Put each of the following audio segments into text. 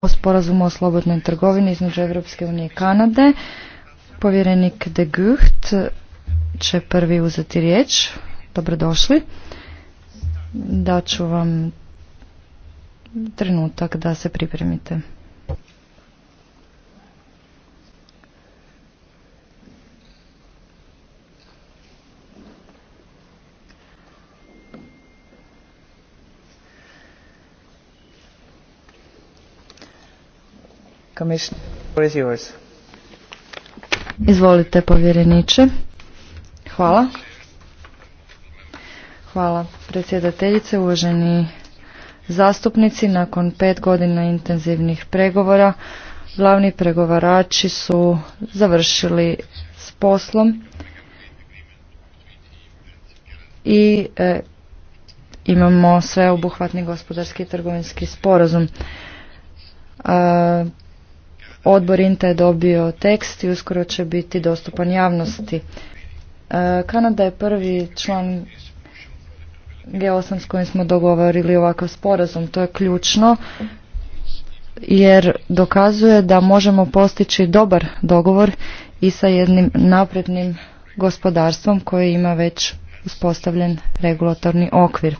o sporazumu o slobodnoj trgovini između Europske unije i Kanade. Povjerenik de Gucht će prvi uzeti riječ. Dobrodošli. Daću vam trenutak da se pripremite. Izvolite povjereniče. Hvala. Hvala predsjedateljice, uvaženi zastupnici. Nakon pet godina intenzivnih pregovora, glavni pregovarači su završili s poslom i e, imamo sveobuhvatni gospodarski i trgovinski sporazum. Odbor INTA je dobio tekst i uskoro će biti dostupan javnosti. E, Kanada je prvi član G8 s kojim smo dogovorili ovakav sporazum. To je ključno jer dokazuje da možemo postići dobar dogovor i sa jednim naprednim gospodarstvom koje ima već uspostavljen regulatorni okvir.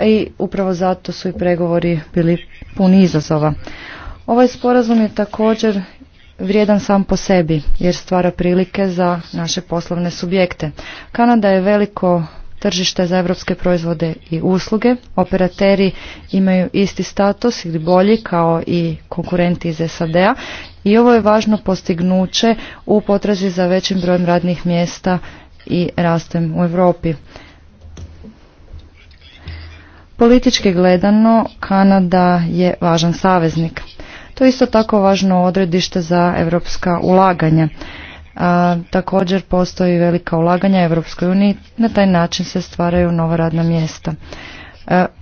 I upravo zato su i pregovori bili puni izazova. Ovaj sporazum je također vrijedan sam po sebi jer stvara prilike za naše poslovne subjekte. Kanada je veliko tržište za evropske proizvode i usluge. Operateri imaju isti status ili bolji kao i konkurenti iz SAD-a i ovo je važno postignuće u potrazi za većim brojem radnih mjesta i rastem u Europi. Politički gledano, Kanada je važan saveznik. To je isto tako važno odredište za europska ulaganja. također postoji velika ulaganja Europskoj uniji, na taj način se stvaraju nova radna mjesta.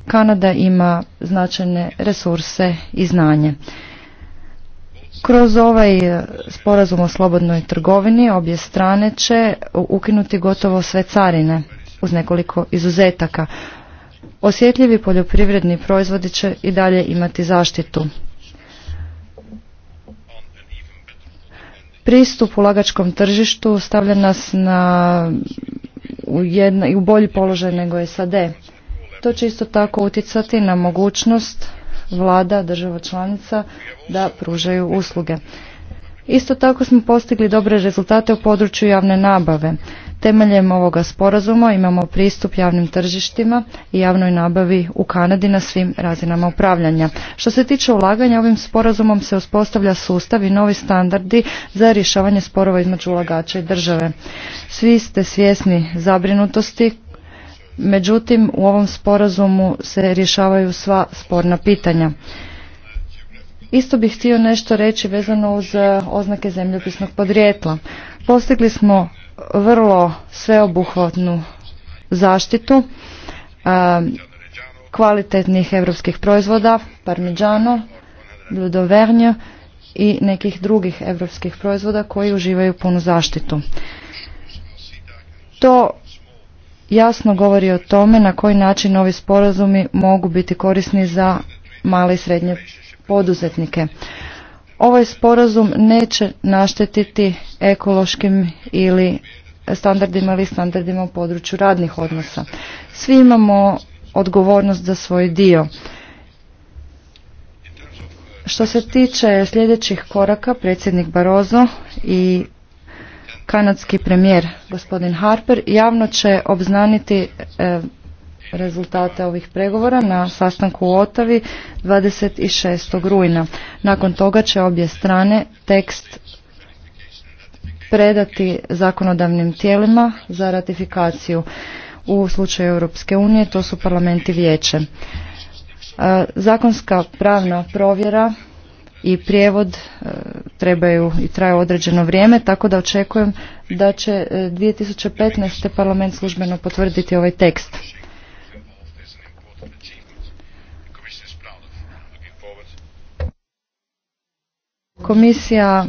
Kanada ima značajne resurse i znanje. Kroz ovaj sporazum o slobodnoj trgovini obje strane će ukinuti gotovo sve carine uz nekoliko izuzetaka. Osjetljivi poljoprivredni proizvodi će i dalje imati zaštitu. pristup ulagačkom tržištu stavlja nas na u, jedna, u bolji položaj nego SAD. To će isto tako utjecati na mogućnost vlada država članica da pružaju usluge. Isto tako smo postigli dobre rezultate u području javne nabave. Temeljem ovoga sporazuma imamo pristup javnim tržištima i javnoj nabavi u Kanadi na svim razinama upravljanja. Što se tiče ulaganja, ovim sporazumom se uspostavlja sustav i novi standardi za rješavanje sporova između ulagača i države. Svi ste svjesni zabrinutosti Međutim, u ovom sporazumu se rješavaju sva sporna pitanja. Isto bih htio nešto reći vezano uz oznake zemljopisnog podrijetla. Postigli smo vrlo sveobuhvatnu zaštitu kvalitetnih europskih proizvoda, parmigiano, bludovernje i nekih drugih europskih proizvoda koji uživaju punu zaštitu. To jasno govori o tome na koji način ovi sporazumi mogu biti korisni za male i srednje poduzetnike ovaj sporazum neće naštetiti ekološkim ili standardima ili standardima u području radnih odnosa. Svi imamo odgovornost za svoj dio. Što se tiče sljedećih koraka, predsjednik Barozo i kanadski premijer gospodin Harper javno će obznaniti e, rezultate ovih pregovora na sastanku u Otavi 26. rujna. Nakon toga će obje strane tekst predati zakonodavnim tijelima za ratifikaciju. U slučaju Europske unije to su parlamenti vijeće. E, zakonska pravna provjera i prijevod e, trebaju i traju određeno vrijeme, tako da očekujem da će 2015. E, parlament službeno potvrditi ovaj tekst. Komisija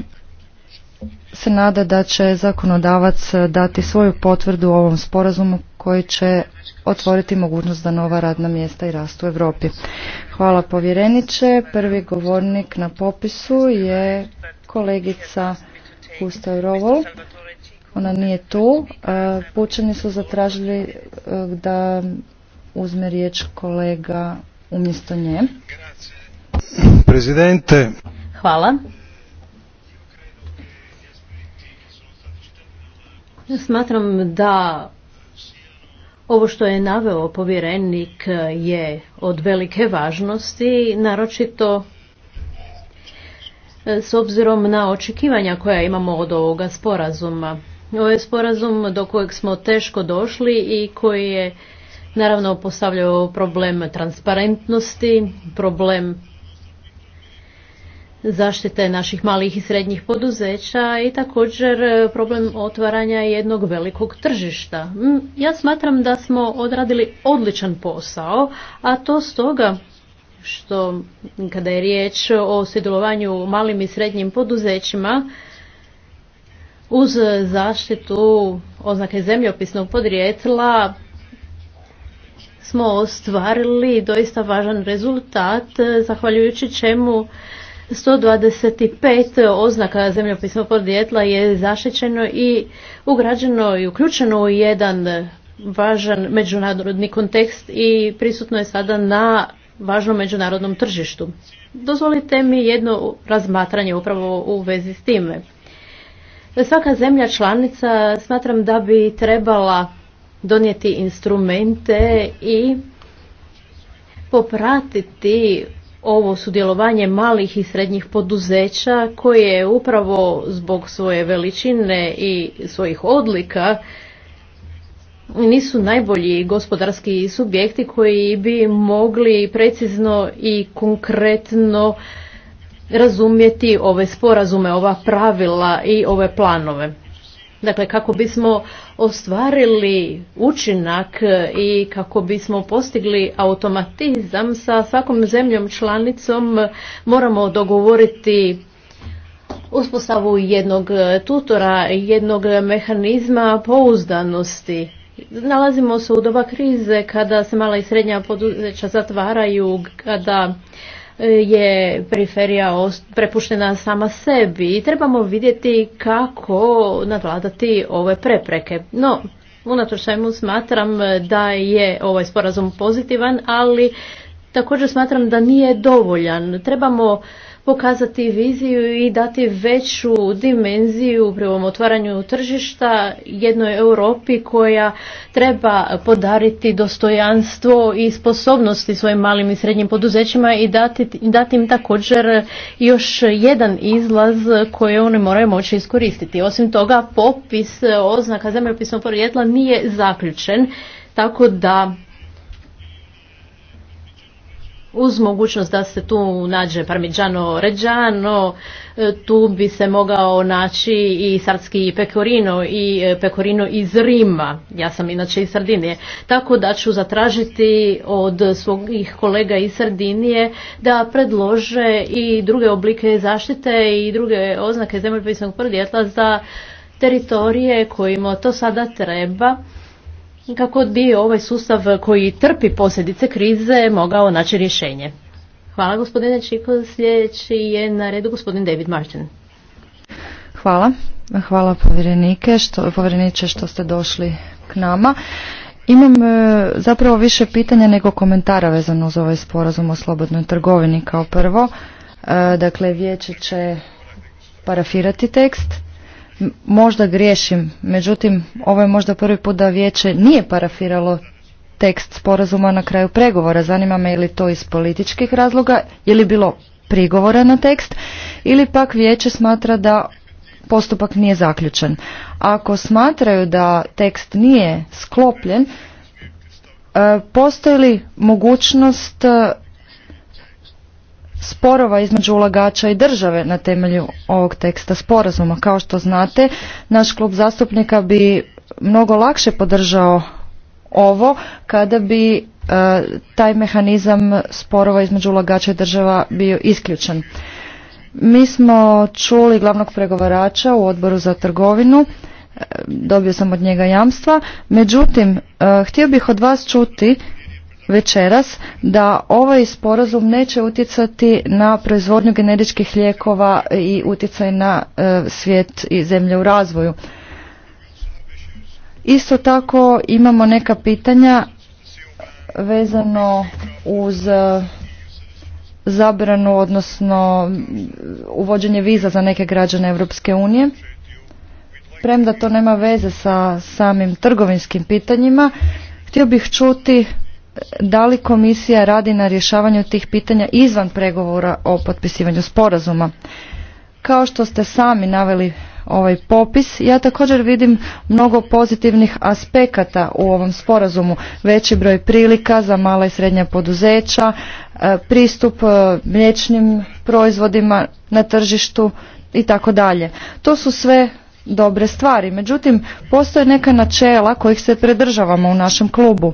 se nada da će zakonodavac eh, dati svoju potvrdu ovom sporazumu koji će otvoriti mogućnost da nova radna mjesta i rastu u Europi. Hvala povjereniče. Prvi govornik na popisu je kolegica Gustav Rovol. Ona nije tu. Eh, pučani su zatražili eh, da uzme riječ kolega umjesto nje. Hvala. Smatram da ovo što je naveo povjerenik je od velike važnosti, naročito e, s obzirom na očekivanja koja imamo od ovoga sporazuma. Ovo je sporazum do kojeg smo teško došli i koji je naravno postavljao problem transparentnosti, problem zaštite naših malih i srednjih poduzeća i također e, problem otvaranja jednog velikog tržišta. Ja smatram da smo odradili odličan posao, a to stoga što kada je riječ o sudjelovanju malim i srednjim poduzećima uz zaštitu oznake zemljopisnog podrijetla smo ostvarili doista važan rezultat zahvaljujući čemu 125 oznaka zemljopisnog podrijetla je zaštićeno i ugrađeno i uključeno u jedan važan međunarodni kontekst i prisutno je sada na važnom međunarodnom tržištu. Dozvolite mi jedno razmatranje upravo u vezi s time. Svaka zemlja članica smatram da bi trebala donijeti instrumente i popratiti ovo sudjelovanje malih i srednjih poduzeća koje upravo zbog svoje veličine i svojih odlika nisu najbolji gospodarski subjekti koji bi mogli precizno i konkretno razumjeti ove sporazume, ova pravila i ove planove. Dakle, kako bismo ostvarili učinak e, i kako bismo postigli automatizam sa svakom zemljom članicom e, moramo dogovoriti uspostavu jednog e, tutora, jednog mehanizma pouzdanosti. Nalazimo se u doba krize kada se mala i srednja poduzeća zatvaraju, kada E, je periferija prepuštena sama sebi i trebamo vidjeti kako nadvladati ove prepreke. No, unatoč svemu smatram da je ovaj sporazum pozitivan, ali također smatram da nije dovoljan. Trebamo pokazati viziju i dati veću dimenziju u prvom otvaranju tržišta jednoj Europi koja treba podariti dostojanstvo i sposobnosti svojim malim i srednjim poduzećima i dati, im također još jedan izlaz koji one moraju moći iskoristiti. Osim toga, popis oznaka zemljopisnog porijetla nije zaključen, tako da uz mogućnost da se tu nađe parmigiano reggiano, e, tu bi se mogao naći i sardski pekorino i e, pekorino iz Rima, ja sam inače iz Sardinije, tako da ću zatražiti od svojih kolega iz Sardinije da predlože i druge oblike zaštite i druge oznake zemljopisnog podrijetla za teritorije kojima to sada treba kako bi ovaj sustav koji trpi posljedice krize mogao naći rješenje. Hvala gospodine Čiko. Sljedeći je na redu gospodin David Martin. Hvala. Hvala povjerenike, što, povjereniče što ste došli k nama. Imam e, zapravo više pitanja nego komentara vezano uz ovaj sporazum o slobodnoj trgovini kao prvo. E, dakle, vijeće će parafirati tekst Možda griješim, međutim ovo je možda prvi put da vijeće nije parafiralo tekst sporazuma na kraju pregovora. Zanima me ili to iz političkih razloga, je li bilo prigovora na tekst ili pak vijeće smatra da postupak nije zaključen. Ako smatraju da tekst nije sklopljen, e, postoji li mogućnost e, sporova između ulagača i države na temelju ovog teksta sporazuma. Kao što znate, naš klub zastupnika bi mnogo lakše podržao ovo kada bi e, taj mehanizam sporova između ulagača i država bio isključen. Mi smo čuli glavnog pregovarača u odboru za trgovinu, e, dobio sam od njega jamstva, međutim, e, htio bih od vas čuti večeras da ovaj sporazum neće utjecati na proizvodnju generičkih lijekova i utjecaj na e, svijet i zemlje u razvoju. Isto tako imamo neka pitanja vezano uz e, zabranu, odnosno uvođenje viza za neke građane Europske unije. Premda to nema veze sa samim trgovinskim pitanjima, htio bih čuti da li komisija radi na rješavanju tih pitanja izvan pregovora o potpisivanju sporazuma. Kao što ste sami naveli ovaj popis, ja također vidim mnogo pozitivnih aspekata u ovom sporazumu. Veći broj prilika za mala i srednja poduzeća, e, pristup e, mliječnim proizvodima na tržištu i tako dalje. To su sve dobre stvari. Međutim, postoje neka načela kojih se predržavamo u našem klubu.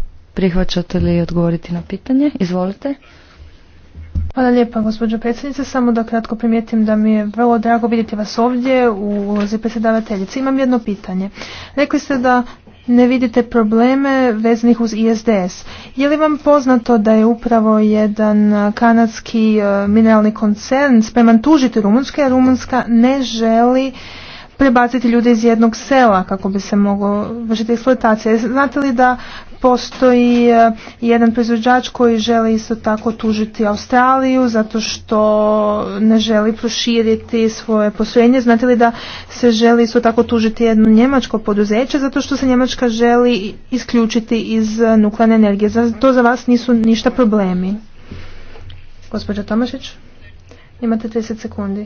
Prihvaćate li odgovoriti na pitanje? Izvolite. Hvala lijepa gospođo predsjednice. Samo da kratko primijetim da mi je vrlo drago vidjeti vas ovdje u ulozi predsjedavateljice. Imam jedno pitanje. Rekli ste da ne vidite probleme veznih uz ISDS. Je li vam poznato da je upravo jedan kanadski e, mineralni koncern spreman tužiti Rumunske, a Rumunska ne želi prebaciti ljude iz jednog sela kako bi se moglo vršiti eksploatacija. Znate li da Postoji e, jedan proizvođač koji želi isto tako tužiti Australiju zato što ne želi proširiti svoje posvojenje. Znate li da se želi isto tako tužiti jedno njemačko poduzeće zato što se Njemačka želi isključiti iz nuklearne energije. To za vas nisu ništa problemi. Gospođa Tomašić, imate 30 sekundi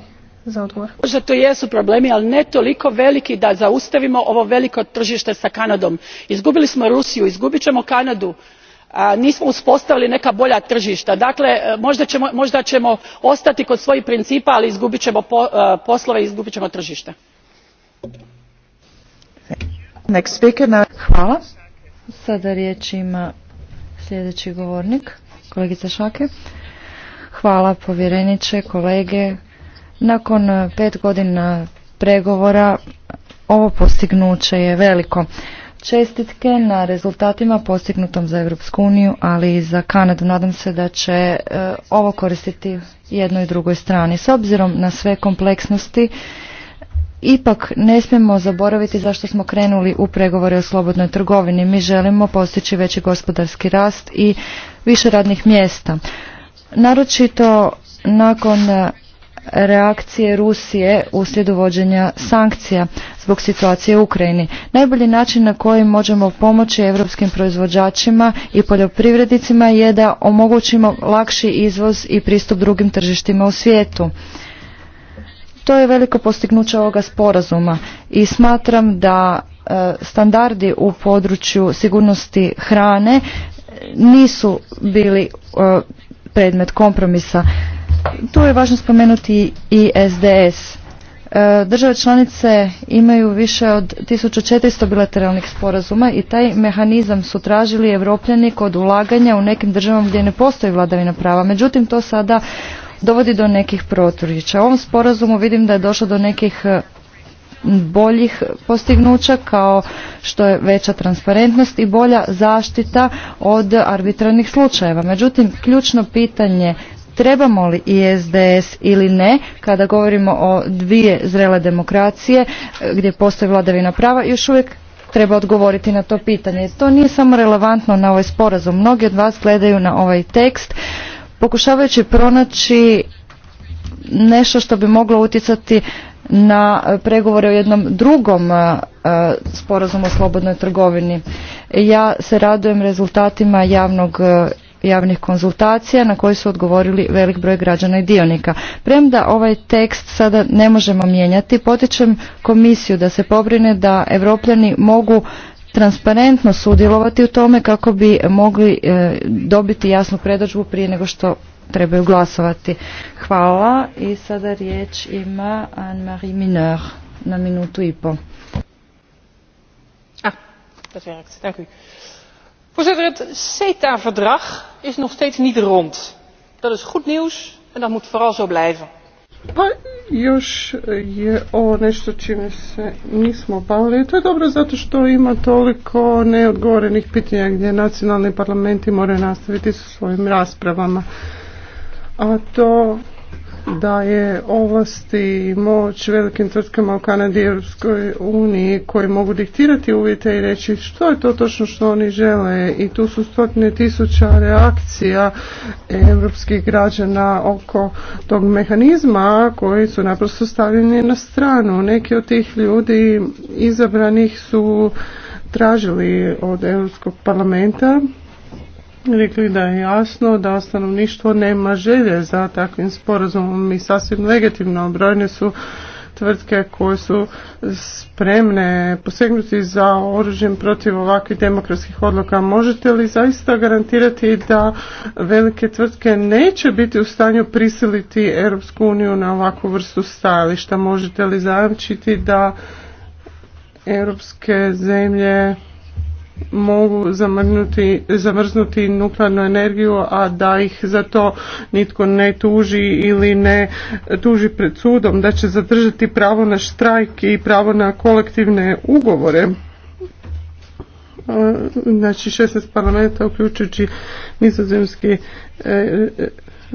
možda to jesu problemi ali ne toliko veliki da zaustavimo ovo veliko tržište s kanadom. izgubili smo rusiju izgubit ćemo kanadu nismo uspostavili neka bolja tržišta. dakle možda ćemo ostati kod svojih principa ali izgubit ćemo e, poslove izgubit ćemo tržište. Hvala. riječ ima sljedeći govornik, Hvala povjereniče, kolege, nakon e, pet godina pregovora ovo postignuće je veliko. Čestitke na rezultatima postignutom za Europsku uniju, ali i za Kanadu. Nadam se da će e, ovo koristiti jednoj i drugoj strani. S obzirom na sve kompleksnosti, ipak ne smijemo zaboraviti zašto smo krenuli u pregovore o slobodnoj trgovini. Mi želimo postići veći gospodarski rast i više radnih mjesta. Naročito nakon reakcije Rusije uslijed vođenja sankcija zbog situacije u Ukrajini. Najbolji način na koji možemo pomoći europskim proizvođačima i poljoprivrednicima je da omogućimo lakši izvoz i pristup drugim tržištima u svijetu. To je veliko postignuće ovoga sporazuma i smatram da e, standardi u području sigurnosti hrane nisu bili e, predmet kompromisa. Tu je važno spomenuti i SDS. E, države članice imaju više od 1400 bilateralnih sporazuma i taj mehanizam su tražili evropljani kod ulaganja u nekim državama gdje ne postoji vladavina prava. Međutim, to sada dovodi do nekih proturječa. U ovom sporazumu vidim da je došlo do nekih e, boljih postignuća kao što je veća transparentnost i bolja zaštita od arbitrarnih slučajeva. Međutim, ključno pitanje Trebamo li i SDS ili ne, kada govorimo o dvije zrele demokracije e, gdje postoji vladavina prava, još uvijek treba odgovoriti na to pitanje. To nije samo relevantno na ovaj sporazum. Mnogi od vas gledaju na ovaj tekst pokušavajući pronaći nešto što bi moglo utjecati na pregovore o jednom drugom e, sporazumu o slobodnoj trgovini. Ja se radujem rezultatima javnog e, javnih konzultacija na koje su odgovorili velik broj građana i dionika. Premda ovaj tekst sada ne možemo mijenjati, potičem komisiju da se pobrine da evropljani mogu transparentno sudjelovati u tome kako bi mogli e, dobiti jasnu predođbu prije nego što trebaju glasovati. Hvala i sada riječ ima Anne-Marie Mineur na minutu i po. Ah, dat werkt. Dank u. Voorzitter, het CETA-verdrag is nog steeds niet rond. Dat is goed nieuws en dat moet vooral zo blijven. Pa još eh, je ovo nešto čime se nismo bavili. To je dobro zato što ima toliko neodgovorenih pitanja gdje nacionalni parlamenti moraju nastaviti sa svojim raspravama. A to je ovlasti i moć velikim tvrtkama u Kanadi i Europskoj uniji koji mogu diktirati uvjete i reći što je to točno što oni žele i tu su stotine tisuća reakcija europskih građana oko tog mehanizma koji su naprosto stavljeni na stranu. Neki od tih ljudi izabranih su tražili od Europskog parlamenta rekli da je jasno da stanovništvo nema želje za takvim sporazumom i sasvim legitimno brojne su tvrtke koje su spremne posegnuti za oružjem protiv ovakvih demokratskih odluka. Možete li zaista garantirati da velike tvrtke neće biti u stanju prisiliti Europsku uniju na ovakvu vrstu stajališta? Možete li zajamčiti da europske zemlje mogu zamrznuti, zamrznuti nuklearnu energiju, a da ih za to nitko ne tuži ili ne tuži pred sudom, da će zadržati pravo na štrajk i pravo na kolektivne ugovore znači 16 parlamenta uključujući nizozemski e, e,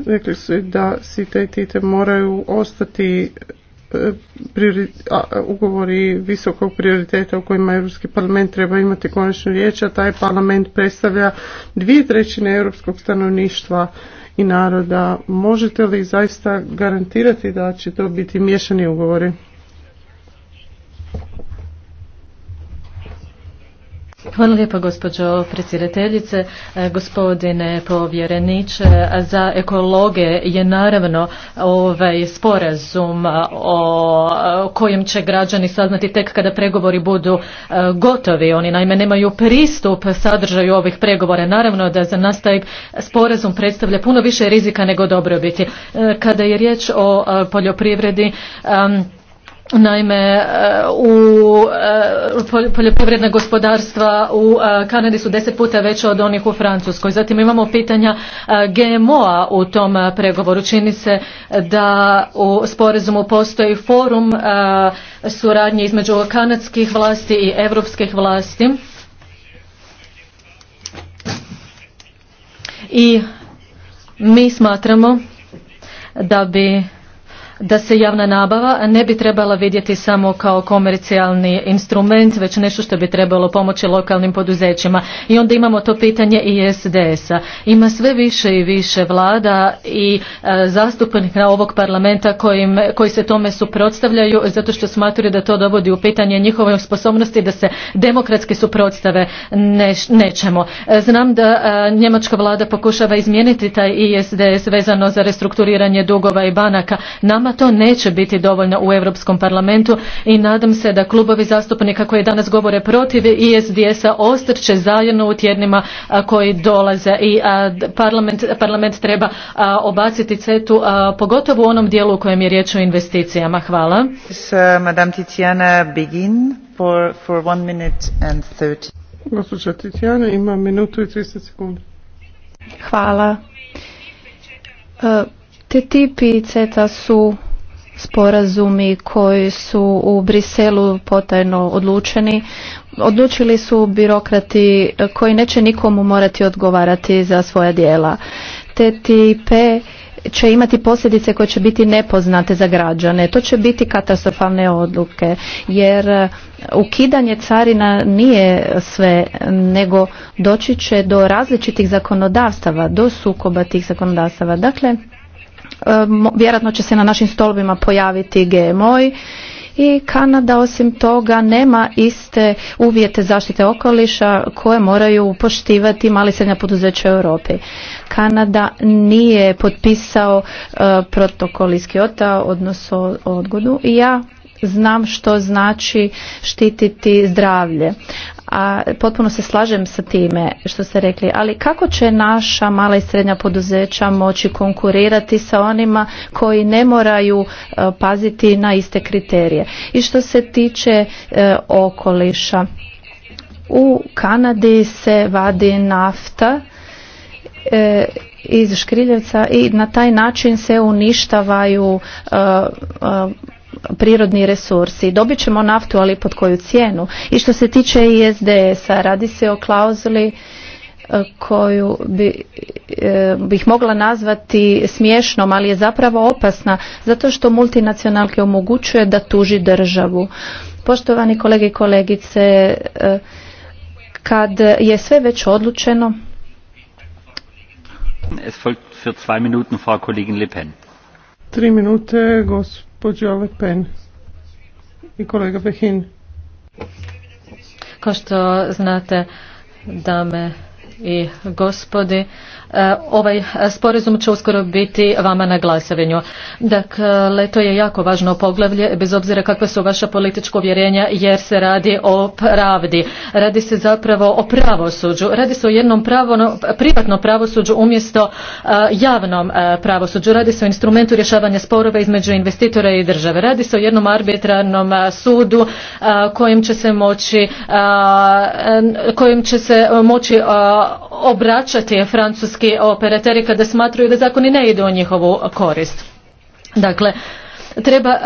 rekli su da si te Tite moraju ostati ugovori visokog prioriteta u kojima Europski parlament treba imati konačnu riječ, a taj parlament predstavlja dvije trećine europskog stanovništva i naroda. Možete li zaista garantirati da će to biti miješani ugovori? Hvala lijepa gospođo predsjedateljice, e, gospodine povjereniče. Za ekologe je naravno ovaj sporazum e, o e, kojem će građani saznati tek kada pregovori budu gotovi. Oni naime nemaju pristup sadržaju ovih pregovora. Naravno da za nas taj sporazum predstavlja puno više rizika nego dobrobiti. Kada je riječ o poljoprivredi, Naime, eh, u eh, poljoprivredna gospodarstva u eh, Kanadi su deset puta veća od onih u Francuskoj. Zatim imamo pitanja GMO-a u tom pregovoru. Čini se da u sporazumu postoji forum suradnje između kanadskih vlasti i evropskih vlasti. I mi smatramo da bi da se javna nabava ne bi trebala vidjeti samo kao komercijalni instrument, već nešto što bi trebalo pomoći lokalnim poduzećima. I onda imamo to pitanje i SDS-a. Ima sve više i više vlada i e, zastupnika ovog parlamenta koji se tome suprotstavljaju zato što smatruju da to dovodi u pitanje njihove sposobnosti da se demokratski suprotstave nećemo. E, znam da e, njemačka vlada pokušava izmijeniti taj ISDS vezano za restrukturiranje dugova i banaka. Nama to neće biti dovoljno u Europskom parlamentu i nadam se da klubovi zastupnika koji danas govore protiv ISDS-a ostrće zajedno u tjednima koji dolaze i parlament, parlament treba obaciti cetu, pogotovo u onom dijelu u kojem je riječ o investicijama. Hvala. Uh, Hvala. E, TTIP i CETA su sporazumi koji su u Briselu potajno odlučeni. Odlučili su birokrati koji neće nikomu morati odgovarati za svoja dijela. TTIP će imati posljedice koje će biti nepoznate za građane. To će biti katastrofalne odluke jer e, ukidanje carina nije sve nego doći će do različitih zakonodavstava, do sukoba tih zakonodavstava. Dakle, E, vjerojatno će se na našim stolbima pojaviti gmo -i. Kanada osim toga nema iste uvjete zaštite okoliša koje moraju poštivati mali srednja poduzeća u Europi. Kanada nije potpisao e, protokol iz Kyoto, odnosno odgodu i ja znam što znači štititi zdravlje a potpuno se slažem sa time što ste rekli, ali kako će naša mala i srednja poduzeća moći konkurirati sa onima koji ne moraju e, paziti na iste kriterije? I što se tiče e, okoliša, u Kanadi se vadi nafta e, iz škriljevca i na taj način se uništavaju prirodni resursi. Dobit ćemo naftu, ali pod koju cijenu? I što se tiče ISDS-a, radi se o klauzuli e, koju bi, e, bih mogla nazvati smiješnom, ali je zapravo opasna zato što multinacionalke omogućuje da tuži državu. Poštovani kolege i kolegice, e, kad je sve već odlučeno... Tri minute, gospođo Pen i kolega Behin. Kao što znate, dame i gospodi, E, ovaj sporazum će uskoro biti vama na glasavenju. Dakle, to je jako važno poglavlje, bez obzira kakva su vaša politička uvjerenja, jer se radi o pravdi. Radi se zapravo o pravosuđu. Radi se o jednom privatnom pravosuđu umjesto e, javnom e, pravosuđu. Radi se o instrumentu rješavanja sporova između investitora i države. Radi se o jednom arbitrarnom sudu kojim će se moći kojim će se moći obraćati francuski telefonski operateri kada smatraju da zakoni ne ide u njihovu korist. Dakle, treba e,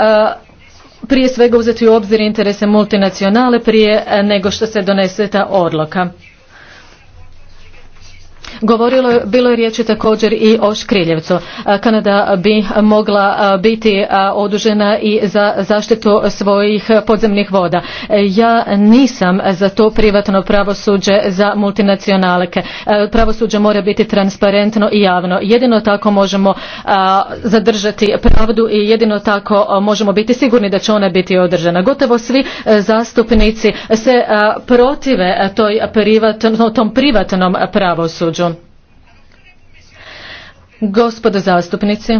prije svega uzeti u obzir interese multinacionale prije e, nego što se donese ta odluka. Govorilo je, bilo je riječi također i o Škriljevcu. Kanada bi mogla biti odužena i za zaštitu svojih podzemnih voda. E, ja nisam za to privatno pravosuđe za multinacionalke. E, pravosuđe mora biti transparentno i javno. Jedino tako možemo zadržati pravdu i jedino tako možemo biti sigurni da će ona biti održana. Gotovo svi e, zastupnici se protive toj privatno, tom privatnom pravosuđu. Gospodo zastupnici,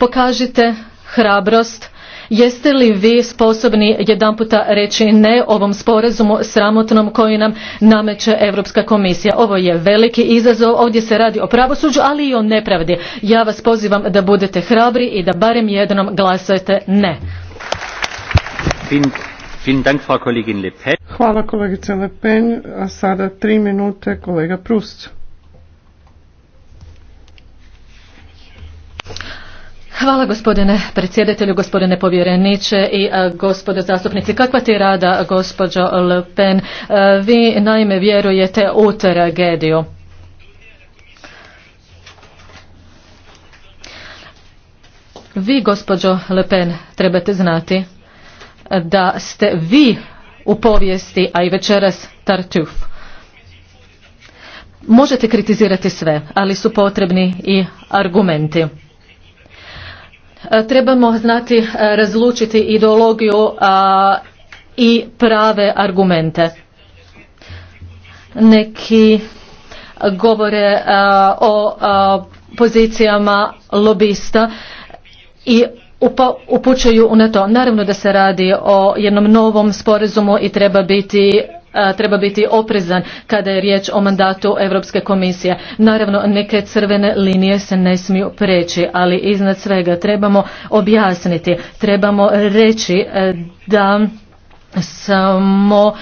pokažite hrabrost. Jeste li vi sposobni jedanputa reći ne ovom sporazumu sramotnom koji nam nameće Europska komisija? Ovo je veliki izazov, ovdje se radi o pravosuđu, ali i o nepravdi. Ja vas pozivam da budete hrabri i da barem jednom glasujete ne. Hvala kolegice Le Pen, a sada tri minute kolega Prust. Hvala gospodine predsjedatelju, gospodine povjereniče i e, gospodo zastupnici. Kakva ti rada gospođo Le Pen? E, vi naime vjerujete u tragediju. Vi gospođo Le Pen trebate znati da ste vi u povijesti, a i večeras Tartuf. Možete kritizirati sve, ali su potrebni i argumenti. E, trebamo znati e, razlučiti ideologiju i prave argumente. Neki govore e, o pozicijama lobista i upućuju na to. Naravno da se radi o jednom novom sporazumu i treba biti treba biti oprezan kada je riječ o mandatu Europske komisije. Naravno, neke crvene linije se ne smiju preći, ali iznad svega trebamo objasniti, trebamo reći e, da smo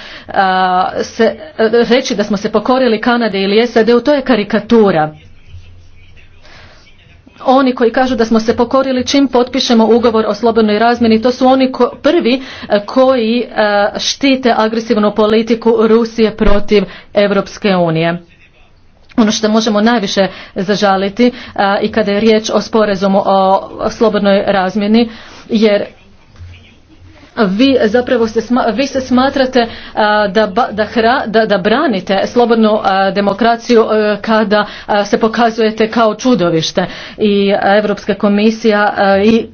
se, e, reći da smo se pokorili Kanade ili SAD-u, to je karikatura. Oni koji kažu da smo se pokorili čim potpišemo ugovor o slobodnoj razmjeni, to su oni prvi e, koji e, štite agresivnu politiku Rusije protiv Europske unije. Ono što možemo najviše zažaliti e, i kada je riječ o sporazumu o, o slobodnoj razmjeni, jer vi zapravo se, vi se smatrate da, da, da, da branite slobodnu demokraciju e, kada se pokazujete kao čudovište i Europska komisija i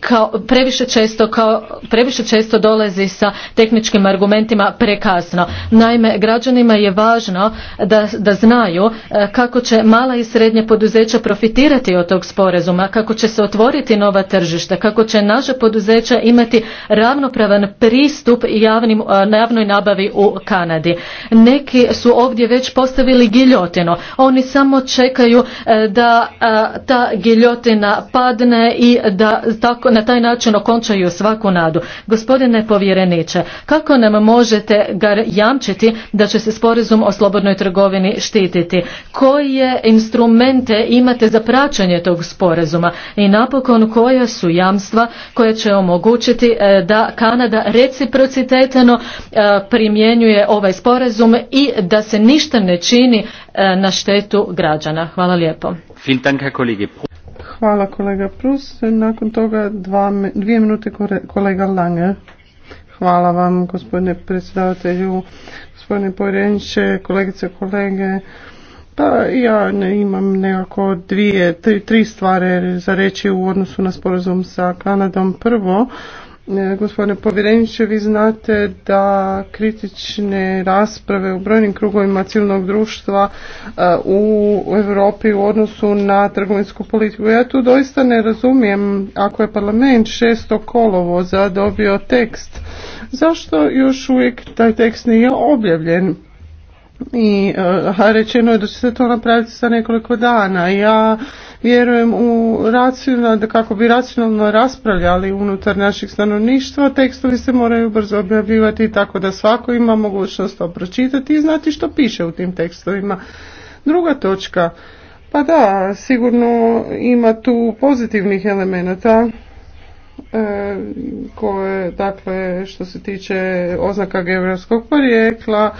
kao previše često kao previše često dolazi sa tehničkim argumentima prekasno. Naime, građanima je važno da, da znaju e, kako će mala i srednja poduzeća profitirati od tog sporazuma, kako će se otvoriti nova tržišta, kako će naša poduzeća imati ravno ravnopravan pristup javnim, javnoj nabavi u Kanadi. Neki su ovdje već postavili giljotinu. Oni samo čekaju e, da ta giljotina padne i da tako, na taj način okončaju svaku nadu. Gospodine povjereniče, kako nam možete ga jamčiti da će se sporazum o slobodnoj trgovini štititi? Koje instrumente imate za praćenje tog sporazuma? I napokon koja su jamstva koja će omogućiti e, da Kanada reciprocitetno e, primjenjuje ovaj sporazum i da se ništa ne čini e, na štetu građana. Hvala lijepo. Hvala kolega Prus. Nakon toga dvije minute kolega Lange. Hvala vam gospodine predsjedavatelju, gospodine povjereniče, kolegice kolege. Pa ja ne, imam nekako dvije, tri, tri stvari za reći u odnosu na sporazum sa Kanadom. Prvo, E, gospodine povjereniče, vi znate da kritične rasprave u brojnim krugovima civilnog društva e, u Europi u odnosu na trgovinsku politiku. Ja tu doista ne razumijem ako je parlament šesto kolovoza dobio tekst, zašto još uvijek taj tekst nije objavljen? i eh, rečeno je da će se to napraviti za nekoliko dana. Ja vjerujem u racionalno, da kako bi racionalno raspravljali unutar naših stanovništva, tekstovi se moraju brzo objavljivati tako da svako ima mogućnost to pročitati i znati što piše u tim tekstovima. Druga točka, pa da, sigurno ima tu pozitivnih elemenata E, koje, dakle, što se tiče oznaka geografskog porijekla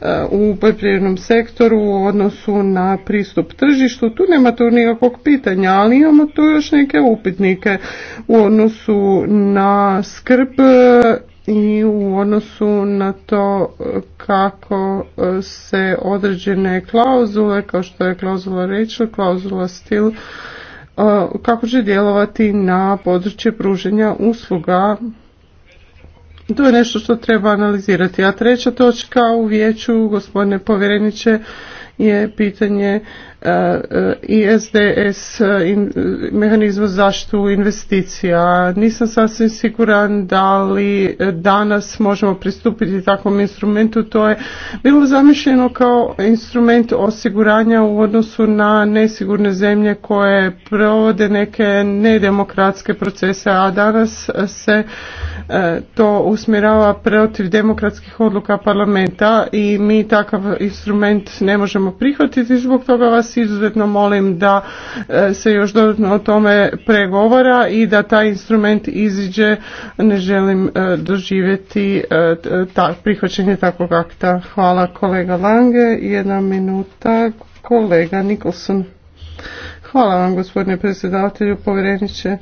e, u poljoprivrednom sektoru u odnosu na pristup tržištu. Tu nema tu nikakvog pitanja, ali imamo tu još neke upitnike u odnosu na skrb i u odnosu na to kako se određene klauzule, kao što je klauzula Rachel, klauzula Still, kako će djelovati na područje pruženja usluga. To je nešto što treba analizirati. A treća točka u vijeću, gospodine povjereniče, je pitanje E, e, i SDS e, mehanizmu zaštitu investicija. Nisam sasvim siguran da li danas možemo pristupiti takvom instrumentu. To je bilo zamišljeno kao instrument osiguranja u odnosu na nesigurne zemlje koje provode neke nedemokratske procese, a danas se to usmjerava protiv demokratskih odluka parlamenta i mi takav instrument ne možemo prihvatiti. Zbog toga vas vas izuzetno molim da e, se još dodatno o tome pregovara i da taj instrument iziđe. Ne želim e, doživjeti e, prihvaćenje takvog akta. Hvala kolega Lange. Jedna minuta kolega Nikolson. Hvala vam gospodine predsjedatelju povjereniče.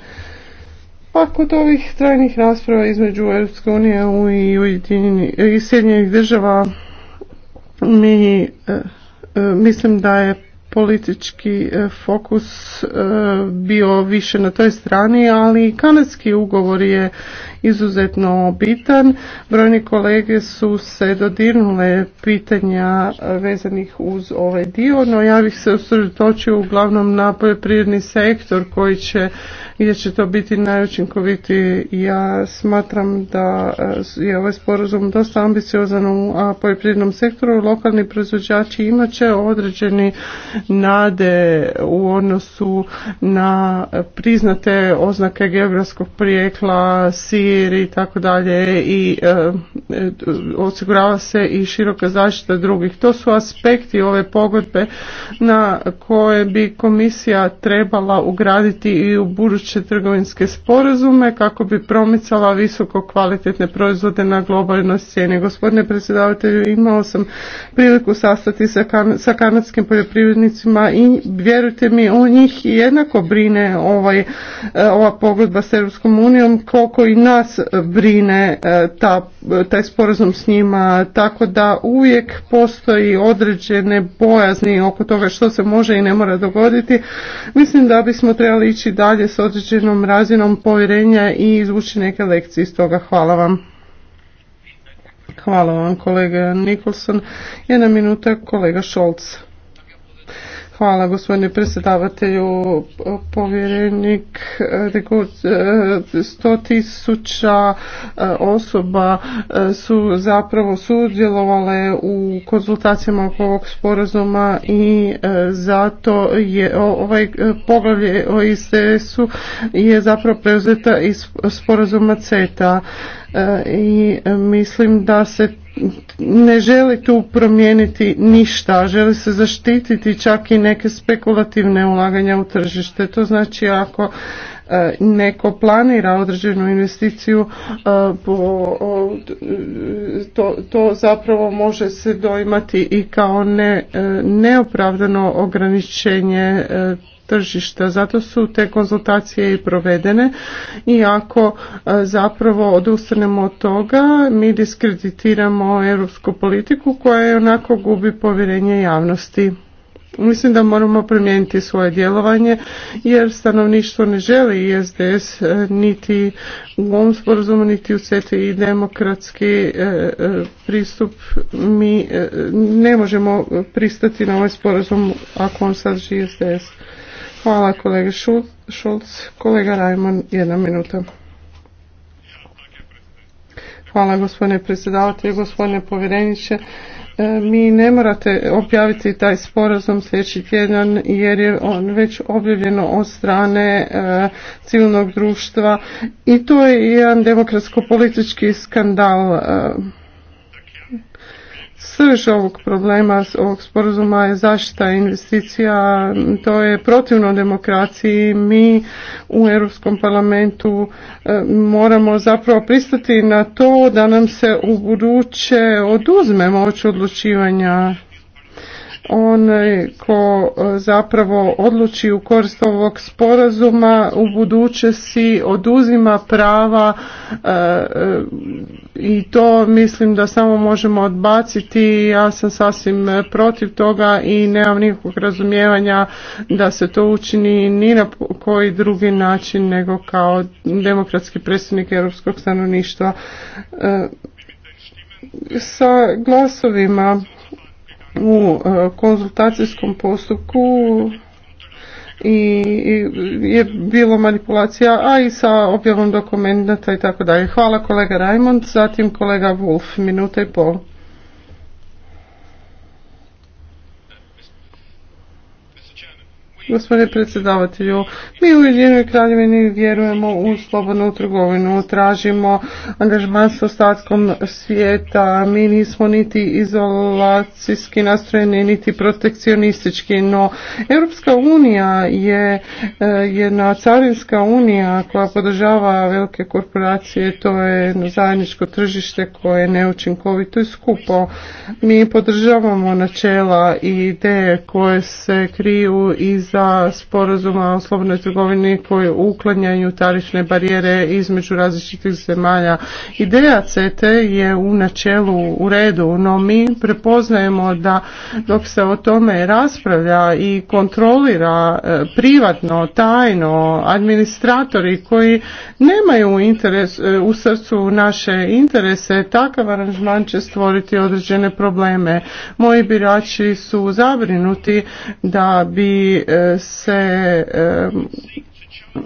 Pa kod ovih trajnih rasprava između Europske unije i Sjedinjenih država mi mislim da je politički e, fokus e, bio više na toj strani, ali kanadski ugovor je izuzetno bitan. Brojni kolege su se dodirnule pitanja e, vezanih uz ovaj dio, no ja bih se usredotočio uglavnom na poljoprivredni sektor koji će, gdje će to biti najučinkovitiji. Ja smatram da je ovaj sporazum dosta ambiciozan u poljoprivrednom sektoru. Lokalni proizvođači imat će određeni nade u odnosu na priznate oznake geografskog prijekla, sir i tako dalje i e, osigurava se i široka zaštita drugih. To su aspekti ove pogodbe na koje bi komisija trebala ugraditi i u buduće trgovinske sporazume kako bi promicala visoko kvalitetne proizvode na globalnoj sceni. Gospodine predsjedavatelju, imao sam priliku sastati sa, sa kanadskim poljoprivrednicima i vjerujte mi o njih jednako brine ovaj, e, ova pogodba s Europskom unijom koliko i nas brine e, ta, taj sporazum s njima tako da uvijek postoji određene bojazni oko toga što se može i ne mora dogoditi. Mislim da bismo trebali ići dalje s određenom razinom povjerenja i izvući neke lekcije iz toga. Hvala vam. Hvala vam kolega Nikolson. Jedna minuta kolega Šolc. Hvala gospodine predsjedavatelju. Povjerenik e, sto tisuća e, osoba e, su zapravo sudjelovale u konzultacijama oko ovog sporazuma i zato je ovaj poglavlje o iss u je zapravo preuzeta iz sporazuma CETA i mislim da se ne želi tu promijeniti ništa, želi se zaštititi čak i neke spekulativne ulaganja u tržište. To znači ako e, neko planira određenu investiciju e, to, to zapravo može se doimati i kao e, neopravdano ograničenje tržišta. Zato su te konzultacije i provedene i ako e, zapravo odustanemo od toga, mi diskreditiramo europsku politiku koja je onako gubi povjerenje javnosti. Mislim da moramo promijeniti svoje djelovanje jer stanovništvo ne želi SDS e, niti u ovom sporazumu niti u CETI i demokratski e, pristup. Mi ne možemo pristati na ovaj sporazum ako on sadrži SDS. Hvala kolega Šulc. Kolega Rajman, jedna minuta. Hvala gospodine predsjedavatelju, gospodine povjereniče. E, mi ne morate objaviti taj sporazum sljedeći tjedan jer je on već objavljen od strane e, civilnog društva i to je jedan demokratsko-politički skandal e, Srž ovog problema, ovog sporazuma je zaštita investicija, to je protivno demokraciji. Mi u Europskom parlamentu e, moramo zapravo pristati na to da nam se u buduće oduzme moć odlučivanja onaj ko e, zapravo odluči u korist ovog sporazuma u buduće si oduzima prava e, e, i to mislim da samo možemo odbaciti ja sam sasvim protiv toga i nemam nikakvog razumijevanja da se to učini ni na koji drugi način nego kao demokratski predstavnik europskog stanovništva sa glasovima u e, konzultacijskom postupku i je bilo manipulacija, a i sa objavom dokumenta i tako dalje. Hvala kolega Rajmond, zatim kolega Wolf, minuta i pol. Gospodine predsjedavatelju, mi u Ujedinjenoj kraljevini vjerujemo u slobodnu trgovinu, tražimo angažman s ostatkom svijeta, mi nismo niti izolacijski nastrojeni, niti protekcionistički, no Europska unija je e, jedna carinska unija koja podržava velike korporacije, to je zajedničko tržište koje je neučinkovito i skupo. Mi podržavamo načela i ideje koje se kriju iz sa sporazuma o slobodnoj trgovini koji uklanjaju tarične barijere između različitih zemalja. Ideja CT je u načelu u redu, no mi prepoznajemo da dok se o tome raspravlja i kontrolira e, privatno, tajno, administratori koji nemaju interes, e, u srcu naše interese, takav aranžman će stvoriti određene probleme. Moji birači su zabrinuti da bi e, se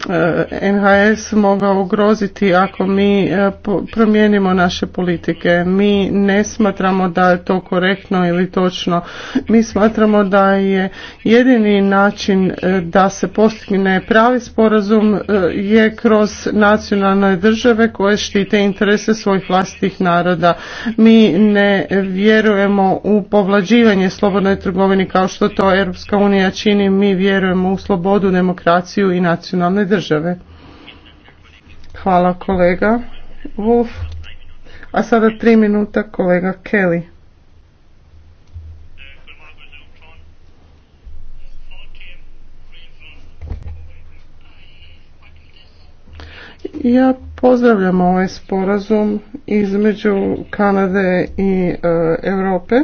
E, NHS mogao ugroziti ako mi e, promijenimo naše politike. Mi ne smatramo da je to korektno ili točno. Mi smatramo da je jedini način e, da se postigne pravi sporazum je kroz nacionalne države koje štite interese svojih vlastitih naroda. Mi ne vjerujemo u povlađivanje slobodnoj trgovini kao što to Europska unija čini. Mi vjerujemo u slobodu, demokraciju i nacionalne pravne države. Hvala kolega Wolf. A sada tri minuta kolega Kelly. Ja pozdravljam ovaj sporazum između Kanade i e, Europe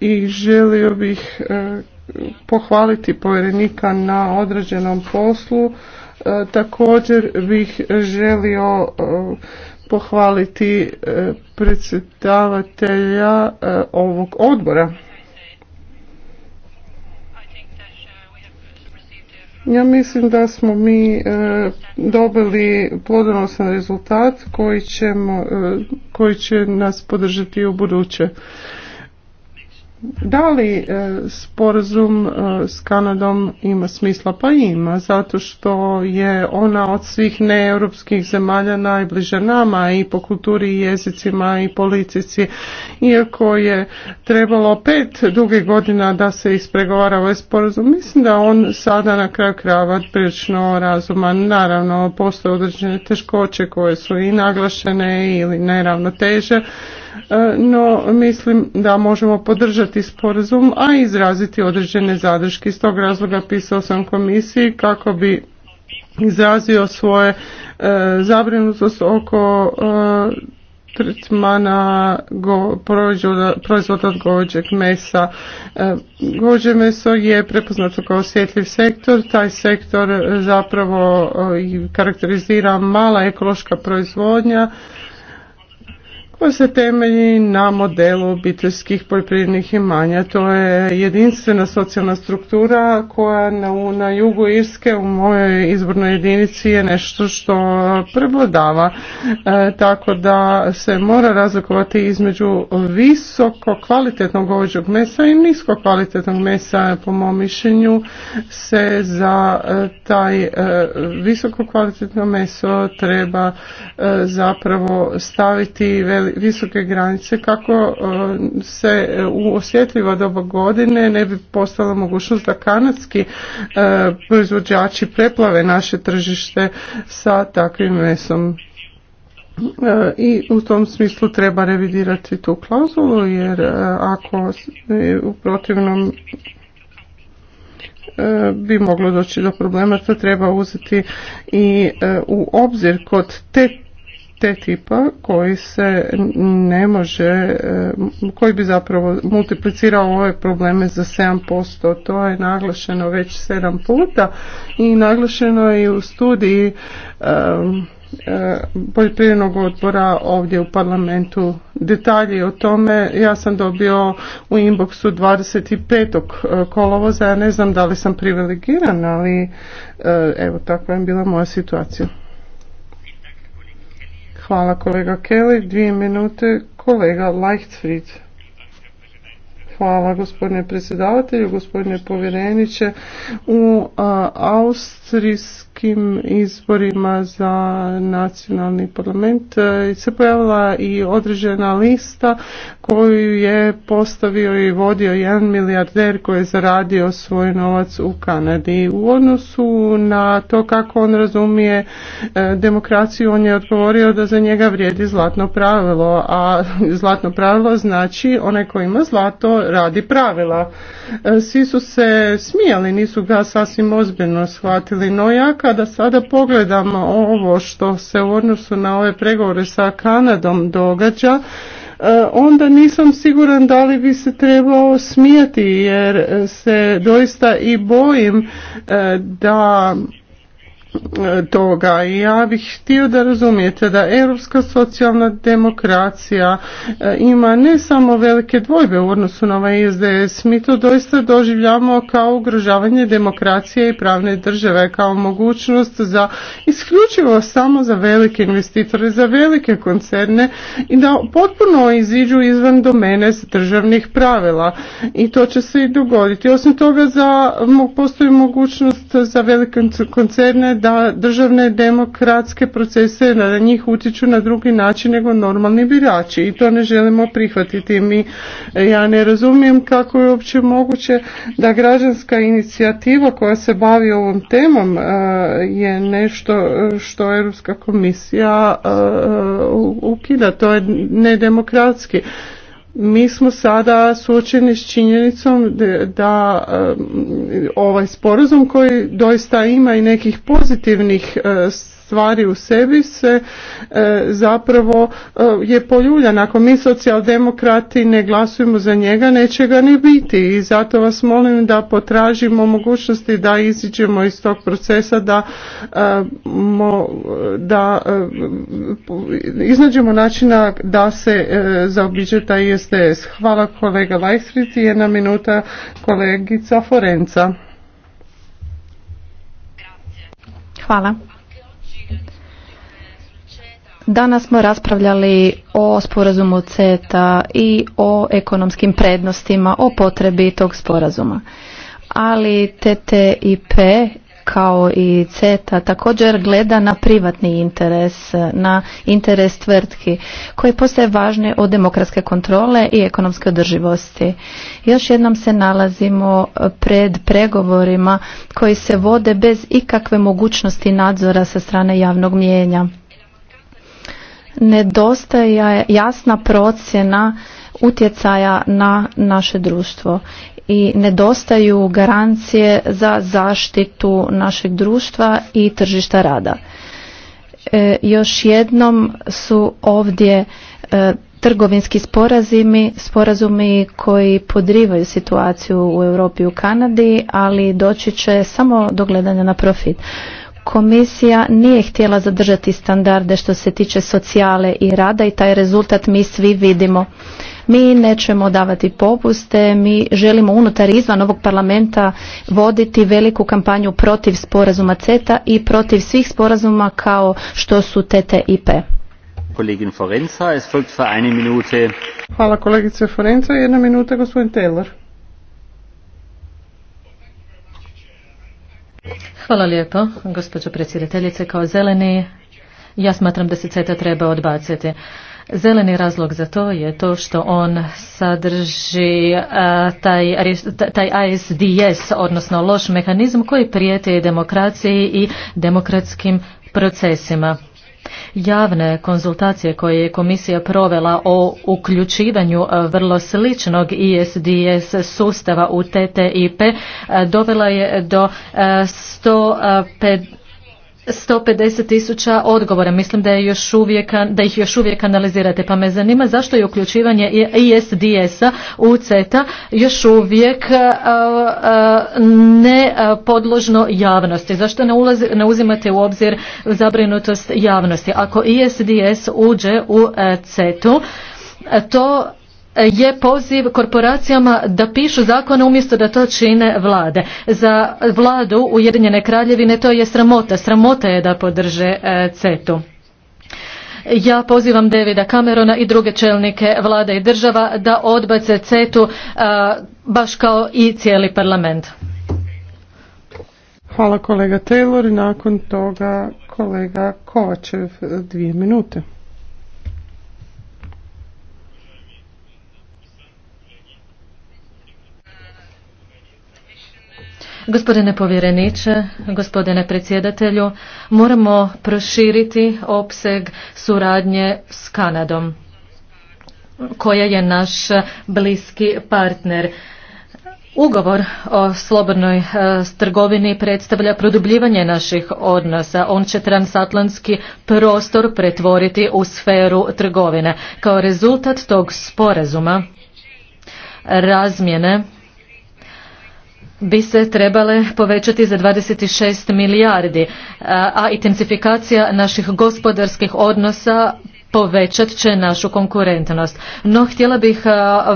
i želio bih e, pohvaliti povjerenika na određenom poslu. E, također bih želio e, pohvaliti e, predsjedavatelja ovog odbora. Ja mislim da smo mi dobili plodonosan rezultat koji, ćemo, koji će nas podržati u buduće. Da li e, sporazum e, s Kanadom ima smisla? Pa ima, zato što je ona od svih neeuropskih zemalja najbliže nama i po kulturi i jezicima i politici. Iako je trebalo pet dugih godina da se ispregovara ovaj sporazum, mislim da on sada na kraju krava prilično razuman. Naravno, postoje određene teškoće koje su i naglašene ili neravno teže E, no mislim da možemo podržati sporazum, a izraziti određene zadrške. Iz tog razloga pisao sam komisiji kako bi izrazio svoje e, zabrinutost oko e, tretmana go, proizvoda, proizvoda od gođeg mesa. Gođe meso je prepoznato kao osjetljiv sektor. Taj sektor zapravo karakterizira mala ekološka proizvodnja koja se temelji na modelu obiteljskih poljoprivrednih imanja. To je jedinstvena socijalna struktura koja na, na jugu Irske u mojoj izbornoj jedinici je nešto što prevladava. E, tako da se mora razlikovati između visoko kvalitetnog goveđog mesa i nisko kvalitetnog mesa. Po mom mišljenju se za e, taj e, visoko kvalitetno meso treba zapravo staviti visoke granice kako e, se u osjetljiva doba godine ne bi postala mogućnost da kanadski e, proizvođači preplave naše tržište sa takvim mesom. E, I u tom smislu treba revidirati tu klauzulu jer ako u protivnom bi moglo doći do problema, to treba uzeti i u obzir kod te te tipa koji se ne može, e, koji bi zapravo multiplicirao ove probleme za 7%. To je naglašeno već 7 puta i naglašeno je i u studiji um, poljoprivrednog odbora ovdje u parlamentu detalji o tome. Ja sam dobio u inboxu 25. kolovoza, ja ne znam da li sam privilegiran, ali evo takva je bila moja situacija. Hvala kolega Kelly. Dvije minute kolega Leichtfried. Hvala gospodine predsjedavatelju, gospodine povjereniče. U Austrijski europskim izborima za nacionalni parlament e, se pojavila i određena lista koju je postavio i vodio jedan milijarder koji je zaradio svoj novac u Kanadi. U odnosu na to kako on razumije e, demokraciju, on je odgovorio da za njega vrijedi zlatno pravilo, a zlatno pravilo znači onaj koji ima zlato radi pravila. E, svi su se smijali, nisu ga sasvim ozbiljno shvatili, no kada sada pogledamo ovo što se u odnosu na ove pregovore sa Kanadom događa, e, onda nisam siguran da li bi se trebao smijeti jer se doista i bojim e, da toga. i Ja bih htio da razumijete da europska socijalna demokracija e, ima ne samo velike dvojbe u odnosu na ovaj SDS, mi to doista doživljamo kao ugrožavanje demokracije i pravne države, kao mogućnost za isključivo samo za velike investitore, za velike koncerne i da potpuno iziđu izvan domene državnih pravila i to će se i dogoditi. Osim toga za, postoji mogućnost za velike koncerne da da državne demokratske procese na njih utječu na drugi način nego normalni birači i to ne želimo prihvatiti. Mi, ja ne razumijem kako je uopće moguće da građanska inicijativa koja se bavi ovom temom e, je nešto e, što Europska komisija e, ukida. To je nedemokratski mi smo sada suočeni s činjenicom da um, ovaj sporazum koji doista ima i nekih pozitivnih uh, stvari u sebi se e, zapravo e, je poljuljan. Ako mi socijaldemokrati ne glasujemo za njega, neće ga ni biti i zato vas molim da potražimo mogućnosti da iziđemo iz tog procesa, da, e, da iznađemo načina da se zaobiđe taj ISDS. Hvala kolega Lajsrit i jedna minuta kolegica Forenca. Hvala. Danas smo raspravljali o sporazumu CETA i o ekonomskim prednostima, o potrebi tog sporazuma. Ali TTIP kao i CETA također gleda na privatni interes, na interes tvrtki koji postaje važni od demokratske kontrole i ekonomske održivosti. Još jednom se nalazimo pred pregovorima koji se vode bez ikakve mogućnosti nadzora sa strane javnog mijenja nedostaje jasna procjena utjecaja na naše društvo i nedostaju garancije za zaštitu našeg društva i tržišta rada. E, još jednom su ovdje e, trgovinski sporazumi, sporazumi koji podrivaju situaciju u Europi i u Kanadi, ali doći će samo do gledanja na profit komisija nije htjela zadržati standarde što se tiče socijale i rada i taj rezultat mi svi vidimo. Mi nećemo davati popuste, mi želimo unutar izvan ovog parlamenta voditi veliku kampanju protiv sporazuma CETA i protiv svih sporazuma kao što su TTIP. Hvala kolegice Forenca, jedna minuta gospodin Taylor. Hvala lijepo, gospođo predsjedateljice. Kao zeleni, ja smatram da se CETA treba odbaciti. Zeleni razlog za to je to što on sadrži taj, taj ISDS, odnosno loš mehanizam koji prijeti demokraciji i demokratskim procesima. Javne konzultacije koje je komisija provela o uključivanju e, vrlo sličnog ISDS sustava u TTIP e, dovela je do 150 e, 150 tisuća odgovora. Mislim da, je još uvijek, da ih još uvijek analizirate. Pa me zanima zašto je uključivanje ISDS-a u CETA još uvijek ne podložno javnosti. Zašto ne, uzimate u obzir zabrinutost javnosti? Ako ISDS uđe u e, CETU, to je poziv korporacijama da pišu zakone umjesto da to čine vlade. Za vladu Ujedinjene kraljevine to je sramota. Sramota je da podrže e, CETU. Ja pozivam Davida Camerona i druge čelnike vlade i država da odbace CETU e, baš kao i cijeli parlament. Hvala kolega Taylor i nakon toga kolega Kovačev dvije minute. Gospodine povjereniče, gospodine predsjedatelju, moramo proširiti opseg suradnje s Kanadom, koja je naš bliski partner. Ugovor o slobodnoj e, trgovini predstavlja produbljivanje naših odnosa. On će transatlantski prostor pretvoriti u sferu trgovine. Kao rezultat tog sporazuma razmjene bi se trebale povećati za 26 milijardi, a intensifikacija naših gospodarskih odnosa povećat će našu konkurentnost. No htjela bih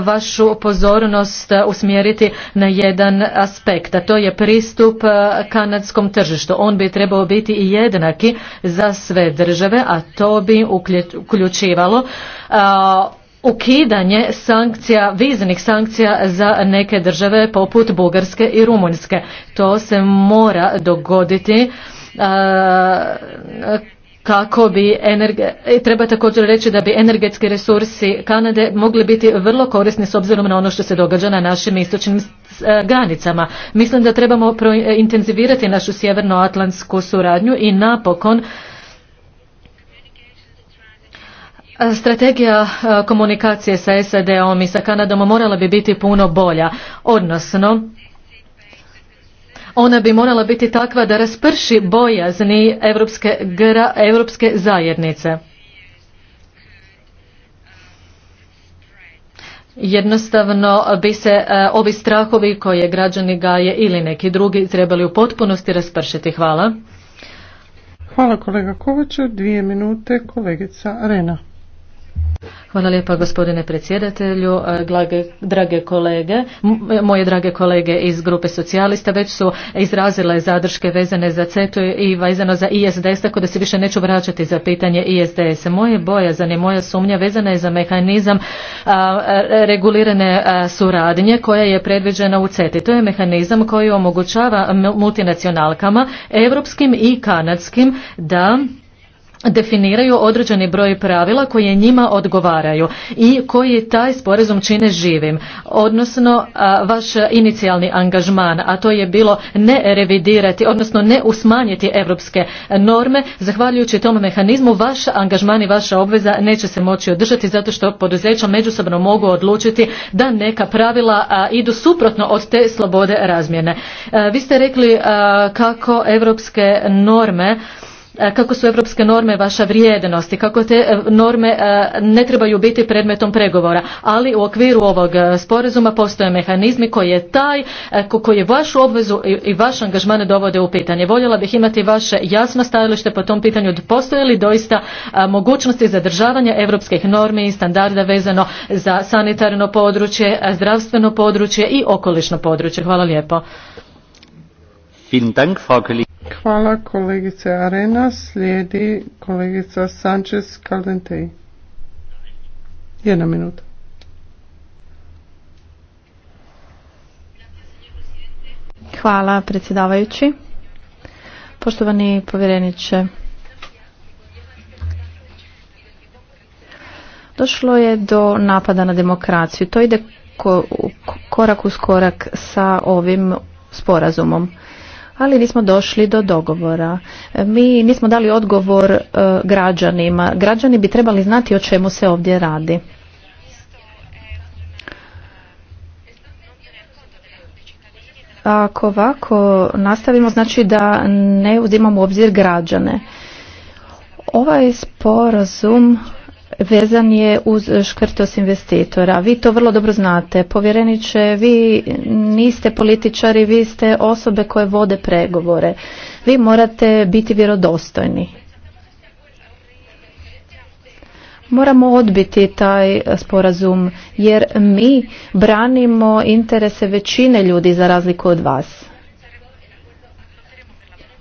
vašu pozornost usmjeriti na jedan aspekt, a to je pristup kanadskom tržištu. On bi trebao biti i jednaki za sve države, a to bi uključivalo ukidanje sankcija, viznih sankcija za neke države poput Bugarske i Rumunjske. To se mora dogoditi kako bi energe, treba također reći da bi energetski resursi Kanade mogli biti vrlo korisni s obzirom na ono što se događa na našim istočnim e, granicama. Mislim da trebamo intenzivirati našu sjevernoatlantsku suradnju i napokon Strategija e, komunikacije sa SAD-om i sa Kanadom morala bi biti puno bolja, odnosno ona bi morala biti takva da rasprši bojazni evropske gra, europske zajednice. Jednostavno bi se e, ovi strahovi koje građani gaje ili neki drugi trebali u potpunosti raspršiti. Hvala. Hvala kolega Kovaća. Dvije minute kolegica Rena. Hvala lijepa gospodine predsjedatelju, e, drage kolege, e, moje drage kolege iz grupe socijalista već su izrazile zadrške vezane za CETU i vezano za ISDS, tako da se više neću vraćati za pitanje ISDS. Moje bojazan i moja sumnja vezana je za mehanizam regulirane suradnje koja je predviđena u CETI. To je mehanizam koji omogućava multinacionalkama, europskim i kanadskim, da definiraju određeni broj pravila koje njima odgovaraju i koji taj sporazum čine živim, odnosno vaš inicijalni angažman, a to je bilo ne revidirati, odnosno ne usmanjiti europske norme, zahvaljujući tom mehanizmu vaš angažman i vaša obveza neće se moći održati zato što poduzeća međusobno mogu odlučiti da neka pravila idu suprotno od te slobode razmjene. vi ste rekli kako europske norme E, kako su europske norme vaša vrijednost i kako te e, norme e, ne trebaju biti predmetom pregovora, ali u okviru ovog sporazuma postoje mehanizmi koji je taj, koji je vašu obvezu i vaš angažman dovode u pitanje. Voljela bih imati vaše jasno stajalište po tom pitanju postoje li doista mogućnosti zadržavanja europskih normi i standarda vezano za sanitarno područje, zdravstveno područje i okolišno područje. Hvala lijepo. Hvala kolegice Arena. Slijedi kolegica Sanchez Caldentej. Jedna minuta. Hvala predsjedavajući. Poštovani povjereniče, došlo je do napada na demokraciju. To ide korak uz korak sa ovim sporazumom ali nismo došli do dogovora. E, mi nismo dali odgovor e, građanima. Građani bi trebali znati o čemu se ovdje radi. Ako ovako nastavimo, znači da ne uzimamo u obzir građane. Ovaj sporazum vezan je uz škrtos investitora. Vi to vrlo dobro znate. Povjereniče, vi niste političari, vi ste osobe koje vode pregovore. Vi morate biti vjerodostojni. moramo odbiti taj sporazum jer mi branimo interese većine ljudi za razliku od vas